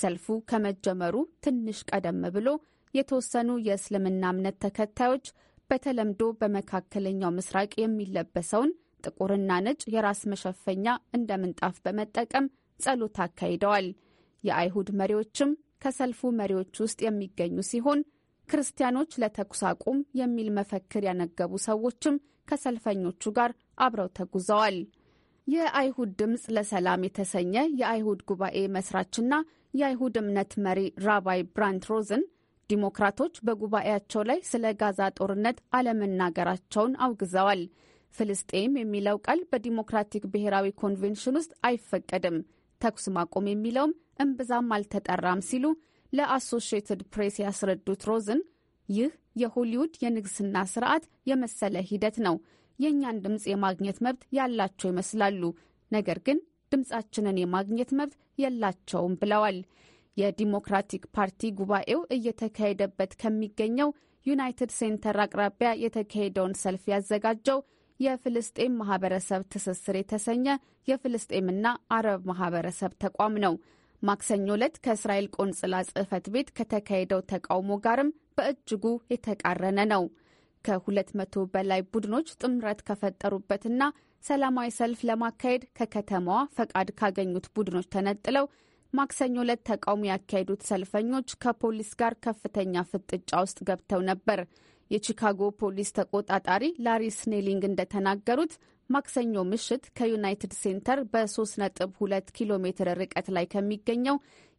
ሰልፉ ከመጀመሩ ትንሽ ቀደም ብሎ የተወሰኑ የእስልምና እምነት ተከታዮች በተለምዶ በመካከለኛው ምስራቅ የሚለበሰውን ጥቁርና ነጭ የራስ መሸፈኛ እንደ ምንጣፍ በመጠቀም ጸሎት አካሂደዋል። የአይሁድ መሪዎችም ከሰልፉ መሪዎች ውስጥ የሚገኙ ሲሆን ክርስቲያኖች ለተኩስ አቁም የሚል መፈክር ያነገቡ ሰዎችም ከሰልፈኞቹ ጋር አብረው ተጉዘዋል። የአይሁድ ድምፅ ለሰላም የተሰኘ የአይሁድ ጉባኤ መስራችና የአይሁድ እምነት መሪ ራባይ ብራንት ሮዝን ዲሞክራቶች በጉባኤያቸው ላይ ስለ ጋዛ ጦርነት አለመናገራቸውን አውግዘዋል። ፍልስጤም የሚለው ቃል በዲሞክራቲክ ብሔራዊ ኮንቬንሽን ውስጥ አይፈቀድም፣ ተኩስ ማቆም የሚለውም እምብዛም አልተጠራም ሲሉ ለአሶሺየትድ ፕሬስ ያስረዱት ሮዝን ይህ የሆሊውድ የንግስና ስርዓት የመሰለ ሂደት ነው። የእኛን ድምፅ የማግኘት መብት ያላቸው ይመስላሉ፣ ነገር ግን ድምፃችንን የማግኘት መብት የላቸውም ብለዋል። የዲሞክራቲክ ፓርቲ ጉባኤው እየተካሄደበት ከሚገኘው ዩናይትድ ሴንተር አቅራቢያ የተካሄደውን ሰልፍ ያዘጋጀው የፍልስጤም ማህበረሰብ ትስስር የተሰኘ የፍልስጤምና አረብ ማህበረሰብ ተቋም ነው። ማክሰኞ ዕለት ከእስራኤል ቆንጽላ ጽህፈት ቤት ከተካሄደው ተቃውሞ ጋርም በእጅጉ የተቃረነ ነው። ከሁለት መቶ በላይ ቡድኖች ጥምረት ከፈጠሩበትና ሰላማዊ ሰልፍ ለማካሄድ ከከተማዋ ፈቃድ ካገኙት ቡድኖች ተነጥለው ማክሰኞ ዕለት ተቃውሞ ያካሄዱት ሰልፈኞች ከፖሊስ ጋር ከፍተኛ ፍጥጫ ውስጥ ገብተው ነበር። የቺካጎ ፖሊስ ተቆጣጣሪ ላሪ ስኔሊንግ እንደተናገሩት ማክሰኞ ምሽት ከዩናይትድ ሴንተር በ3.2 ኪሎ ሜትር ርቀት ላይ ከሚገኘው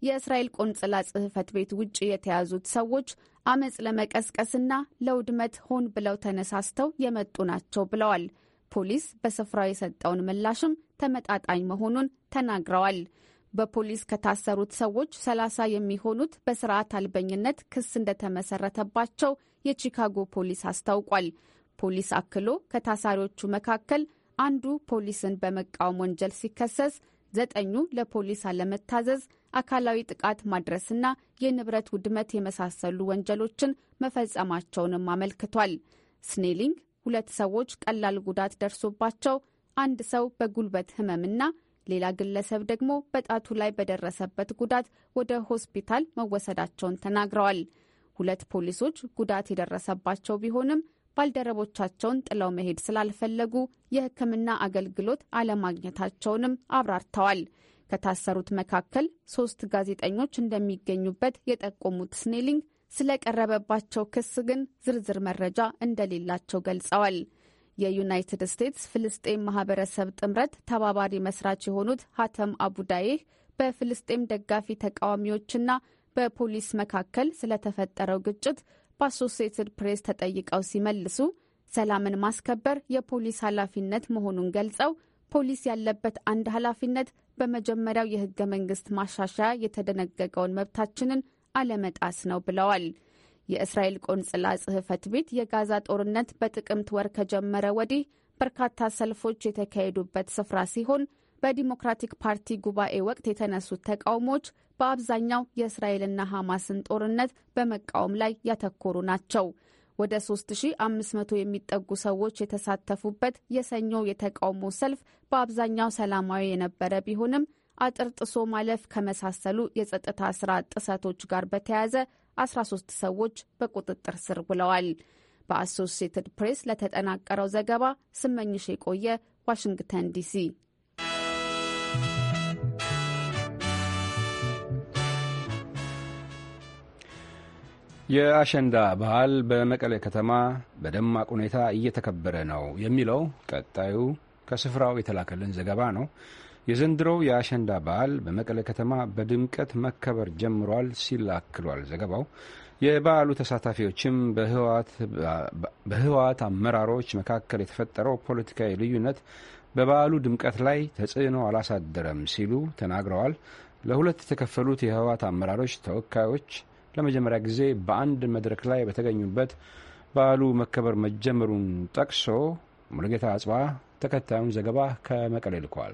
የእስራኤል ቆንጽላ ጽሕፈት ቤት ውጭ የተያዙት ሰዎች አመፅ ለመቀስቀስና ለውድመት ሆን ብለው ተነሳስተው የመጡ ናቸው ብለዋል። ፖሊስ በስፍራው የሰጠውን ምላሽም ተመጣጣኝ መሆኑን ተናግረዋል። በፖሊስ ከታሰሩት ሰዎች ሰላሳ የሚሆኑት በስርዓት አልበኝነት ክስ እንደተመሰረተባቸው የቺካጎ ፖሊስ አስታውቋል። ፖሊስ አክሎ ከታሳሪዎቹ መካከል አንዱ ፖሊስን በመቃወም ወንጀል ሲከሰስ፣ ዘጠኙ ለፖሊስ አለመታዘዝ፣ አካላዊ ጥቃት ማድረስና የንብረት ውድመት የመሳሰሉ ወንጀሎችን መፈጸማቸውንም አመልክቷል። ስኔሊንግ ሁለት ሰዎች ቀላል ጉዳት ደርሶባቸው አንድ ሰው በጉልበት ህመምና ሌላ ግለሰብ ደግሞ በጣቱ ላይ በደረሰበት ጉዳት ወደ ሆስፒታል መወሰዳቸውን ተናግረዋል። ሁለት ፖሊሶች ጉዳት የደረሰባቸው ቢሆንም ባልደረቦቻቸውን ጥለው መሄድ ስላልፈለጉ የሕክምና አገልግሎት አለማግኘታቸውንም አብራርተዋል። ከታሰሩት መካከል ሶስት ጋዜጠኞች እንደሚገኙበት የጠቆሙት ስኔሊንግ ስለቀረበባቸው ክስ ግን ዝርዝር መረጃ እንደሌላቸው ገልጸዋል። የዩናይትድ ስቴትስ ፍልስጤም ማህበረሰብ ጥምረት ተባባሪ መስራች የሆኑት ሀተም አቡዳይህ በፍልስጤም ደጋፊ ተቃዋሚዎችና በፖሊስ መካከል ስለተፈጠረው ግጭት በአሶሴትድ ፕሬስ ተጠይቀው ሲመልሱ ሰላምን ማስከበር የፖሊስ ኃላፊነት መሆኑን ገልጸው ፖሊስ ያለበት አንድ ኃላፊነት በመጀመሪያው የህገ መንግስት ማሻሻያ የተደነገገውን መብታችንን አለመጣስ ነው ብለዋል። የእስራኤል ቆንጽላ ጽሕፈት ቤት የጋዛ ጦርነት በጥቅምት ወር ከጀመረ ወዲህ በርካታ ሰልፎች የተካሄዱበት ስፍራ ሲሆን በዲሞክራቲክ ፓርቲ ጉባኤ ወቅት የተነሱት ተቃውሞዎች በአብዛኛው የእስራኤልና ሐማስን ጦርነት በመቃወም ላይ ያተኮሩ ናቸው። ወደ 3500 የሚጠጉ ሰዎች የተሳተፉበት የሰኞ የተቃውሞ ሰልፍ በአብዛኛው ሰላማዊ የነበረ ቢሆንም አጥር ጥሶ ማለፍ ከመሳሰሉ የጸጥታ ስራ ጥሰቶች ጋር በተያያዘ 13 ሰዎች በቁጥጥር ስር ውለዋል። በአሶሲየትድ ፕሬስ ለተጠናቀረው ዘገባ ስመኝሽ የቆየ ዋሽንግተን ዲሲ። የአሸንዳ በዓል በመቀሌ ከተማ በደማቅ ሁኔታ እየተከበረ ነው የሚለው ቀጣዩ ከስፍራው የተላከልን ዘገባ ነው። የዘንድሮው የአሸንዳ በዓል በመቀለ ከተማ በድምቀት መከበር ጀምሯል ሲል አክሏል ዘገባው። የበዓሉ ተሳታፊዎችም በህወሓት አመራሮች መካከል የተፈጠረው ፖለቲካዊ ልዩነት በበዓሉ ድምቀት ላይ ተጽዕኖ አላሳደረም ሲሉ ተናግረዋል። ለሁለት የተከፈሉት የህወሓት አመራሮች ተወካዮች ለመጀመሪያ ጊዜ በአንድ መድረክ ላይ በተገኙበት በዓሉ መከበር መጀመሩን ጠቅሶ ሙሉጌታ አጽባ ተከታዩን ዘገባ ከመቀሌ ልኳል።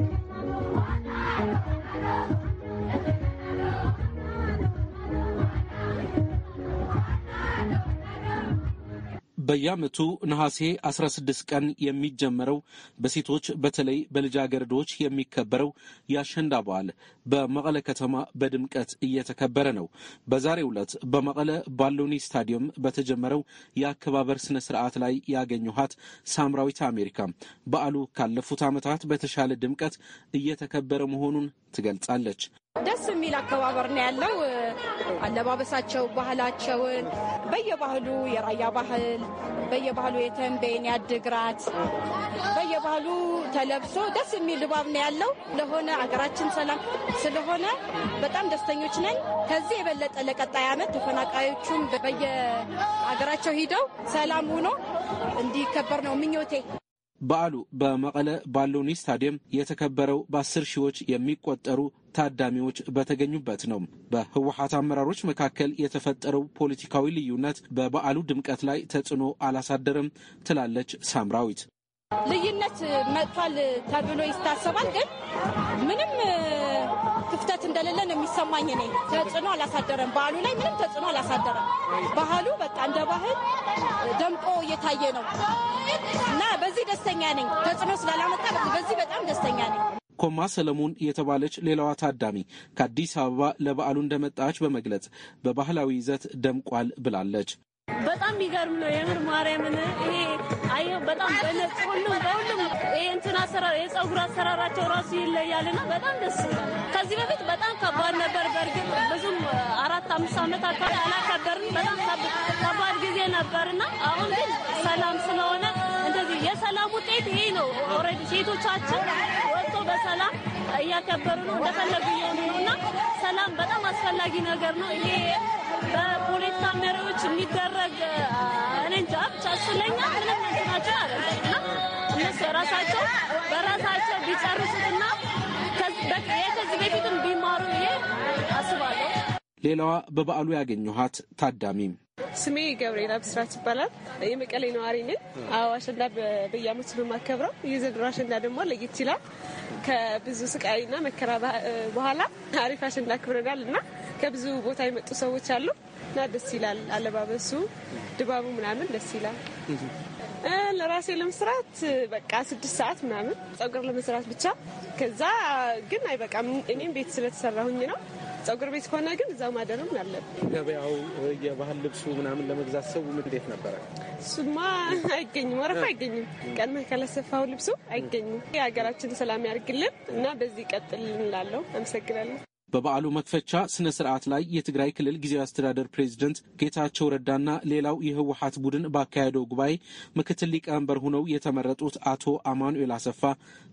በየዓመቱ ነሐሴ 16 ቀን የሚጀመረው በሴቶች በተለይ በልጃገረዶች የሚከበረው የአሸንዳ በዓል በመቀለ ከተማ በድምቀት እየተከበረ ነው። በዛሬ ዕለት በመቀለ ባሎኒ ስታዲየም በተጀመረው የአከባበር ስነ ስርዓት ላይ ያገኘኋት ሳምራዊት አሜሪካ በዓሉ ካለፉት ዓመታት በተሻለ ድምቀት እየተከበረ መሆኑን ትገልጻለች። ደስ የሚል አከባበር ነው ያለው። አለባበሳቸው፣ ባህላቸውን በየባህሉ የራያ ባህል በየባህሉ የተንቤን ያድግራት በየባህሉ ተለብሶ ደስ የሚል ድባብ ነው ያለው። ለሆነ አገራችን ሰላም ስለሆነ በጣም ደስተኞች ነን። ከዚህ የበለጠ ለቀጣይ ዓመት ተፈናቃዮቹን በየአገራቸው ሂደው ሰላም ሆኖ እንዲከበር ነው ምኞቴ። በዓሉ በመቀለ ባሎኒ ስታዲየም የተከበረው በአስር ሺዎች የሚቆጠሩ ታዳሚዎች በተገኙበት ነው። በህወሀት አመራሮች መካከል የተፈጠረው ፖለቲካዊ ልዩነት በበዓሉ ድምቀት ላይ ተጽዕኖ አላሳደረም ትላለች ሳምራዊት። ልዩነት መጥቷል ተብሎ ይታሰባል፣ ግን ምንም ክፍተት እንደሌለ ነው የሚሰማኝ። እኔ ተጽዕኖ አላሳደረም፣ ባህሉ ላይ ምንም ተጽዕኖ አላሳደረም። ባህሉ በቃ እንደ ባህል ደምቆ እየታየ ነው እና በዚህ ደስተኛ ነኝ። ተጽዕኖ ስላላመጣ በዚህ በጣም ደስተኛ ነኝ። ኮማ ሰለሞን የተባለች ሌላዋ ታዳሚ ከአዲስ አበባ ለበዓሉ እንደመጣች በመግለጽ በባህላዊ ይዘት ደምቋል ብላለች። በጣም የሚገርም ነው የምር ማርያምን። ይሄ አየሁ በጣም በነጭ ሁሉም በሁሉም ይሄ እንትን አሰራር የፀጉር አሰራራቸው ራሱ ይለያልና በጣም ደስ ይላል። ከዚህ በፊት በጣም ከባድ ነበር። በእርግጥ ብዙም አራት አምስት ዓመት አካባቢ አላከበርን። በጣም ከባድ ጊዜ ነበርና አሁን ግን ሰላም ስለሆነ እንደዚህ የሰላም ውጤት ይሄ ነው። ኦልሬዲ ሴቶቻችን ወጥቶ በሰላም እያከበሩ ነው፣ እንደፈለጉ እየሆኑ ነውና ሰላም በጣም አስፈላጊ ነገር ነው። ይሄ በፖለቲካ መሪዎች የሚደረ እኔ እንጃ ብቻ ስለኛ ምንም እንትናቸው እነሱ በራሳቸው ቢጨርሱትና ከዚህ በፊትም ቢማሩ ብዬ አስባለሁ። ሌላዋ በበዓሉ ያገኘኋት ታዳሚም ስሜ ገብርኤል አብስራት ይባላል። የመቀሌ ነዋሪ ነኝ። አበባ አሸንዳ በየአመቱ ነው የማከብረው። የዘንድሮ አሸንዳ ደግሞ ለየት ይላል። ከብዙ ስቃይና መከራ በኋላ አሪፍ አሸንዳ ክብረናል እና ከብዙ ቦታ የመጡ ሰዎች አሉ። እና ደስ ይላል። አለባበሱ፣ ድባቡ ምናምን ደስ ይላል። ለራሴ ለመስራት በቃ ስድስት ሰዓት ምናምን ጸጉር ለመስራት ብቻ። ከዛ ግን አይበቃም። እኔም ቤት ስለተሰራሁኝ ነው። ጸጉር ቤት ከሆነ ግን እዛው ማደርም አለብን። ገበያው የባህል ልብሱ ምናምን ለመግዛት ሰው እንዴት ነበረ? እሱማ አይገኝም፣ ወረፋ አይገኝም። ቀድመ መከለሰፋው ልብሱ አይገኝም። የሀገራችን ሰላም ያርግልን እና በዚህ ቀጥል አመሰግናለሁ። በበዓሉ መክፈቻ ስነ ስርዓት ላይ የትግራይ ክልል ጊዜያዊ አስተዳደር ፕሬዚደንት ጌታቸው ረዳና ሌላው የህወሀት ቡድን ባካሄደው ጉባኤ ምክትል ሊቀመንበር ሆነው የተመረጡት አቶ አማኑኤል አሰፋ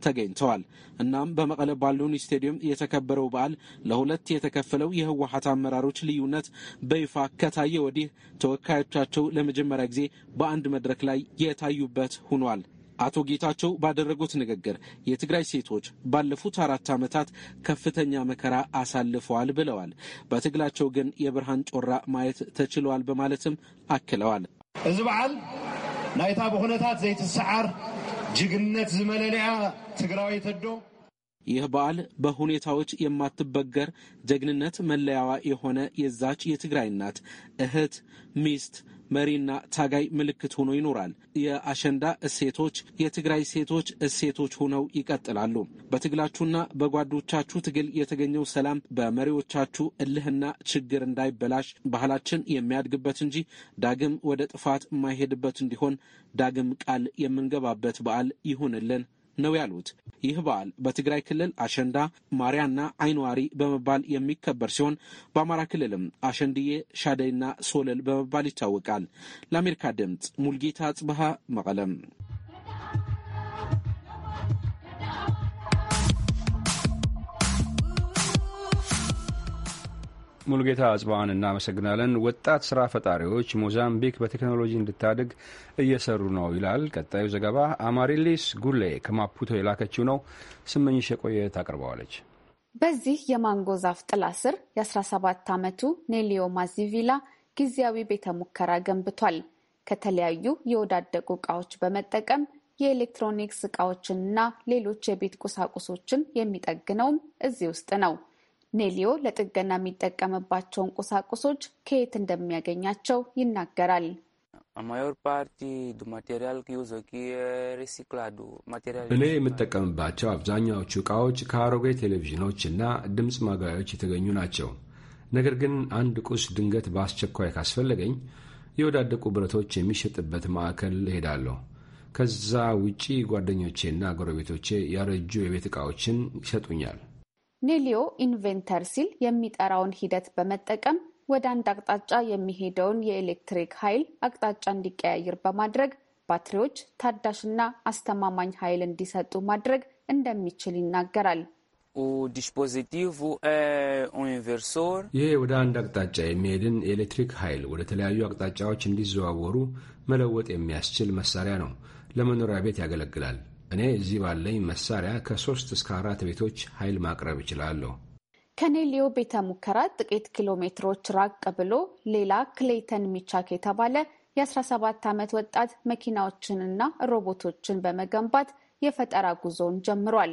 ተገኝተዋል። እናም በመቀለ ባለውን ስቴዲየም የተከበረው በዓል ለሁለት የተከፈለው የህወሀት አመራሮች ልዩነት በይፋ ከታየ ወዲህ ተወካዮቻቸው ለመጀመሪያ ጊዜ በአንድ መድረክ ላይ የታዩበት ሆኗል። አቶ ጌታቸው ባደረጉት ንግግር የትግራይ ሴቶች ባለፉት አራት ዓመታት ከፍተኛ መከራ አሳልፈዋል ብለዋል። በትግላቸው ግን የብርሃን ጮራ ማየት ተችለዋል በማለትም አክለዋል። እዚ በዓል ናይታ ብኹነታት ዘይትሰዓር ጅግነት ዝመለለያ ትግራዊ ተዶ ይህ በዓል በሁኔታዎች የማትበገር ጀግንነት መለያዋ የሆነ የዛች የትግራይ እናት እህት፣ ሚስት መሪና ታጋይ ምልክት ሆኖ ይኖራል። የአሸንዳ እሴቶች የትግራይ ሴቶች እሴቶች ሆነው ይቀጥላሉ። በትግላችሁና በጓዶቻችሁ ትግል የተገኘው ሰላም በመሪዎቻችሁ እልህና ችግር እንዳይበላሽ ባህላችን የሚያድግበት እንጂ ዳግም ወደ ጥፋት የማይሄድበት እንዲሆን ዳግም ቃል የምንገባበት በዓል ይሁንልን። ነው ያሉት። ይህ በዓል በትግራይ ክልል አሸንዳ ማሪያና አይንዋሪ በመባል የሚከበር ሲሆን በአማራ ክልልም አሸንድዬ፣ ሻደይና ሶለል በመባል ይታወቃል። ለአሜሪካ ድምፅ ሙልጌታ ጽብሃ መቀለም ሙሉጌታ አጽባዋን እናመሰግናለን። ወጣት ስራ ፈጣሪዎች ሞዛምቢክ በቴክኖሎጂ እንድታድግ እየሰሩ ነው ይላል ቀጣዩ ዘገባ። አማሪሊስ ጉሌ ከማፑቶ የላከችው ነው። ስመኝሽ የቆየ ታቀርበዋለች። በዚህ የማንጎ ዛፍ ጥላ ስር የ17 ዓመቱ ኔሊዮ ማዚቪላ ጊዜያዊ ቤተ ሙከራ ገንብቷል። ከተለያዩ የወዳደቁ እቃዎች በመጠቀም የኤሌክትሮኒክስ እቃዎችንና ሌሎች የቤት ቁሳቁሶችን የሚጠግነውም እዚህ ውስጥ ነው። ኔሊዮ ለጥገና የሚጠቀምባቸውን ቁሳቁሶች ከየት እንደሚያገኛቸው ይናገራል። እኔ የምጠቀምባቸው አብዛኛዎቹ ዕቃዎች ከአሮጌ ቴሌቪዥኖች እና ድምፅ ማጉያዎች የተገኙ ናቸው። ነገር ግን አንድ ቁስ ድንገት በአስቸኳይ ካስፈለገኝ የወዳደቁ ብረቶች የሚሸጥበት ማዕከል እሄዳለሁ። ከዛ ውጪ ጓደኞቼና ጎረቤቶቼ ያረጁ የቤት ዕቃዎችን ይሰጡኛል። ኔሊዮ ኢንቬንተር ሲል የሚጠራውን ሂደት በመጠቀም ወደ አንድ አቅጣጫ የሚሄደውን የኤሌክትሪክ ኃይል አቅጣጫ እንዲቀያየር በማድረግ ባትሪዎች ታዳሽና አስተማማኝ ኃይል እንዲሰጡ ማድረግ እንደሚችል ይናገራል። ይህ ወደ አንድ አቅጣጫ የሚሄድን የኤሌክትሪክ ኃይል ወደ ተለያዩ አቅጣጫዎች እንዲዘዋወሩ መለወጥ የሚያስችል መሳሪያ ነው። ለመኖሪያ ቤት ያገለግላል። እኔ እዚህ ባለኝ መሳሪያ ከሶስት እስከ አራት ቤቶች ኃይል ማቅረብ እችላለሁ። ከኔሊዮ ቤተ ሙከራ ጥቂት ኪሎ ሜትሮች ራቅ ብሎ ሌላ ክሌይተን ሚቻክ የተባለ የ17 ዓመት ወጣት መኪናዎችንና ሮቦቶችን በመገንባት የፈጠራ ጉዞውን ጀምሯል።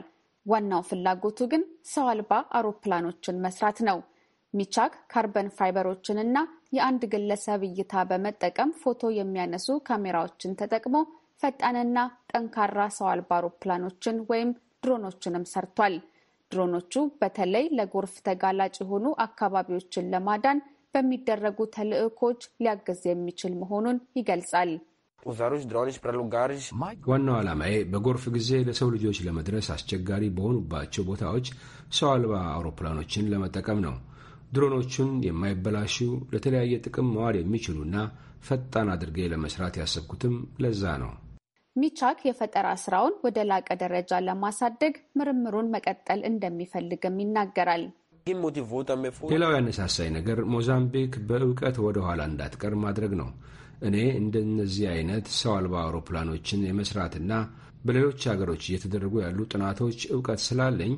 ዋናው ፍላጎቱ ግን ሰው አልባ አውሮፕላኖችን መስራት ነው። ሚቻክ ካርበን ፋይበሮችንና የአንድ ግለሰብ እይታ በመጠቀም ፎቶ የሚያነሱ ካሜራዎችን ተጠቅሞ ፈጣንና ጠንካራ ሰው አልባ አውሮፕላኖችን ወይም ድሮኖችንም ሰርቷል። ድሮኖቹ በተለይ ለጎርፍ ተጋላጭ የሆኑ አካባቢዎችን ለማዳን በሚደረጉ ተልዕኮች ሊያግዝ የሚችል መሆኑን ይገልጻል። ዋናው ዓላማዬ በጎርፍ ጊዜ ለሰው ልጆች ለመድረስ አስቸጋሪ በሆኑባቸው ቦታዎች ሰው አልባ አውሮፕላኖችን ለመጠቀም ነው። ድሮኖቹን የማይበላሹ ለተለያየ ጥቅም መዋል የሚችሉና ፈጣን አድርጌ ለመስራት ያሰብኩትም ለዛ ነው። ሚቻክ የፈጠራ ስራውን ወደ ላቀ ደረጃ ለማሳደግ ምርምሩን መቀጠል እንደሚፈልግም ይናገራል። ሌላው ያነሳሳይ ነገር ሞዛምቢክ በእውቀት ወደ ኋላ እንዳትቀር ማድረግ ነው። እኔ እንደነዚህ አይነት ሰው አልባ አውሮፕላኖችን የመስራትና በሌሎች ሀገሮች እየተደረጉ ያሉ ጥናቶች እውቀት ስላለኝ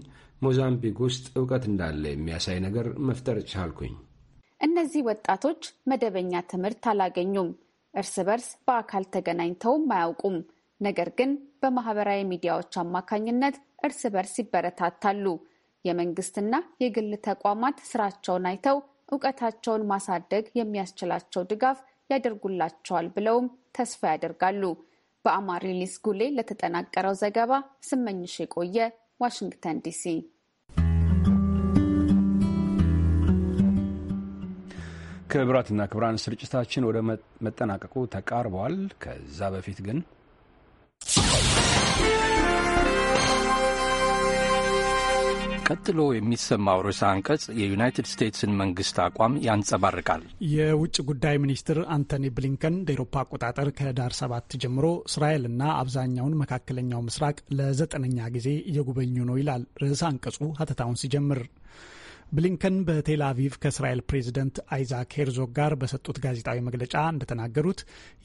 ሞዛምቢክ ውስጥ እውቀት እንዳለ የሚያሳይ ነገር መፍጠር ቻልኩኝ። እነዚህ ወጣቶች መደበኛ ትምህርት አላገኙም። እርስ በርስ በአካል ተገናኝተውም አያውቁም። ነገር ግን በማህበራዊ ሚዲያዎች አማካኝነት እርስ በርስ ይበረታታሉ። የመንግስትና የግል ተቋማት ስራቸውን አይተው እውቀታቸውን ማሳደግ የሚያስችላቸው ድጋፍ ያደርጉላቸዋል ብለውም ተስፋ ያደርጋሉ። በአማሪሊስ ጉሌ ለተጠናቀረው ዘገባ ስመኝሽ የቆየ ዋሽንግተን ዲሲ። ክብራትና ክብራን ስርጭታችን ወደ መጠናቀቁ ተቃርበዋል። ከዛ በፊት ግን ቀጥሎ የሚሰማው ርዕሰ አንቀጽ የዩናይትድ ስቴትስን መንግስት አቋም ያንጸባርቃል። የውጭ ጉዳይ ሚኒስትር አንቶኒ ብሊንከን እንደ ኤሮፓ አቆጣጠር ከህዳር ሰባት ጀምሮ እስራኤልና አብዛኛውን መካከለኛው ምስራቅ ለዘጠነኛ ጊዜ እየጎበኙ ነው ይላል ርዕሰ አንቀጹ ሀተታውን ሲጀምር ብሊንከን በቴል አቪቭ ከእስራኤል ፕሬዚደንት አይዛክ ሄርዞግ ጋር በሰጡት ጋዜጣዊ መግለጫ እንደተናገሩት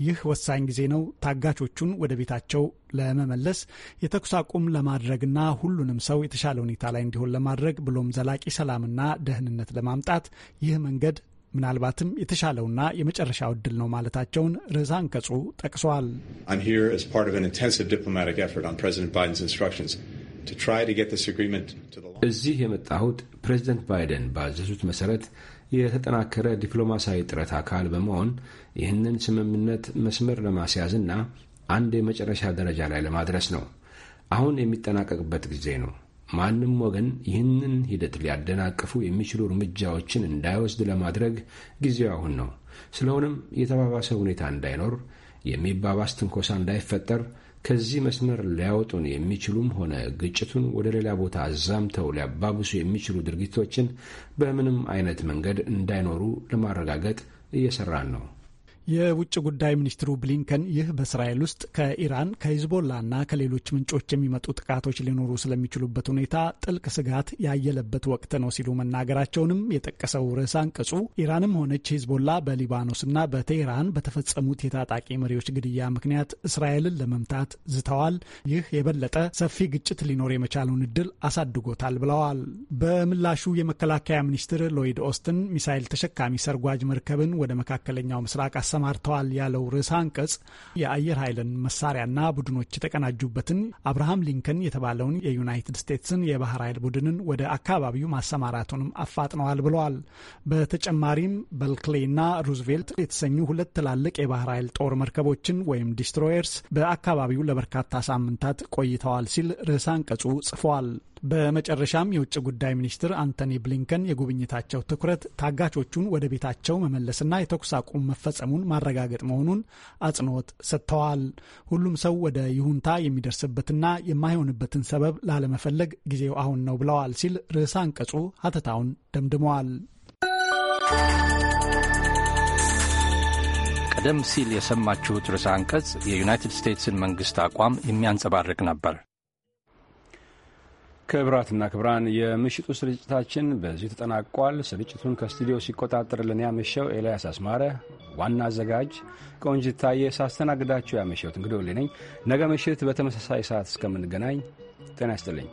ይህ ወሳኝ ጊዜ ነው። ታጋቾቹን ወደ ቤታቸው ለመመለስ የተኩስ አቁም ለማድረግና ሁሉንም ሰው የተሻለ ሁኔታ ላይ እንዲሆን ለማድረግ ብሎም ዘላቂ ሰላምና ደህንነት ለማምጣት ይህ መንገድ ምናልባትም የተሻለውና የመጨረሻው እድል ነው ማለታቸውን ርዕሰ አንቀጹ ጠቅሷል። እዚህ የመጣሁት ፕሬዚደንት ባይደን ባዘዙት መሰረት የተጠናከረ ዲፕሎማሲያዊ ጥረት አካል በመሆን ይህንን ስምምነት መስመር ለማስያዝና አንድ የመጨረሻ ደረጃ ላይ ለማድረስ ነው። አሁን የሚጠናቀቅበት ጊዜ ነው። ማንም ወገን ይህንን ሂደት ሊያደናቅፉ የሚችሉ እርምጃዎችን እንዳይወስድ ለማድረግ ጊዜው አሁን ነው። ስለሆነም የተባባሰ ሁኔታ እንዳይኖር፣ የሚባባስ ትንኮሳ እንዳይፈጠር ከዚህ መስመር ሊያወጡን የሚችሉም ሆነ ግጭቱን ወደ ሌላ ቦታ አዛምተው ሊያባብሱ የሚችሉ ድርጊቶችን በምንም አይነት መንገድ እንዳይኖሩ ለማረጋገጥ እየሰራን ነው። የውጭ ጉዳይ ሚኒስትሩ ብሊንከን ይህ በእስራኤል ውስጥ ከኢራን ከሂዝቦላና ከሌሎች ምንጮች የሚመጡ ጥቃቶች ሊኖሩ ስለሚችሉበት ሁኔታ ጥልቅ ስጋት ያየለበት ወቅት ነው ሲሉ መናገራቸውንም የጠቀሰው ርዕስ አንቀጹ ኢራንም ሆነች ሂዝቦላ በሊባኖስና በቴህራን በተፈጸሙት የታጣቂ መሪዎች ግድያ ምክንያት እስራኤልን ለመምታት ዝተዋል። ይህ የበለጠ ሰፊ ግጭት ሊኖር የመቻሉን እድል አሳድጎታል ብለዋል። በምላሹ የመከላከያ ሚኒስትር ሎይድ ኦስትን ሚሳይል ተሸካሚ ሰርጓጅ መርከብን ወደ መካከለኛው ምስራቅ ተሰማርተዋል ያለው ርዕሰ አንቀጽ የአየር ኃይልን መሳሪያና ቡድኖች የተቀናጁበትን አብርሃም ሊንከን የተባለውን የዩናይትድ ስቴትስን የባህር ኃይል ቡድንን ወደ አካባቢው ማሰማራቱንም አፋጥነዋል ብለዋል። በተጨማሪም በልክሌይና ሩዝቬልት የተሰኙ ሁለት ትላልቅ የባህር ኃይል ጦር መርከቦችን ወይም ዲስትሮየርስ በአካባቢው ለበርካታ ሳምንታት ቆይተዋል ሲል ርዕሰ አንቀጹ ጽፏል። በመጨረሻም የውጭ ጉዳይ ሚኒስትር አንቶኒ ብሊንከን የጉብኝታቸው ትኩረት ታጋቾቹን ወደ ቤታቸው መመለስና የተኩስ አቁም መፈጸሙን ማረጋገጥ መሆኑን አጽንኦት ሰጥተዋል። ሁሉም ሰው ወደ ይሁንታ የሚደርስበትና የማይሆንበትን ሰበብ ላለመፈለግ ጊዜው አሁን ነው ብለዋል ሲል ርዕሰ አንቀጹ ሀተታውን ደምድመዋል። ቀደም ሲል የሰማችሁት ርዕሰ አንቀጽ የዩናይትድ ስቴትስን መንግስት አቋም የሚያንጸባርቅ ነበር። ክብራትና ክብራን የምሽቱ ስርጭታችን በዚሁ ተጠናቋል። ስርጭቱን ከስቱዲዮ ሲቆጣጠርልን ያመሸው ኤልያስ አስማረ፣ ዋና አዘጋጅ ቆንጂት ታየ ሳስተናግዳችሁ ያመሸሁት እንግዲህ ነኝ። ነገ ምሽት በተመሳሳይ ሰዓት እስከምንገናኝ ጤና ይስጥልኝ።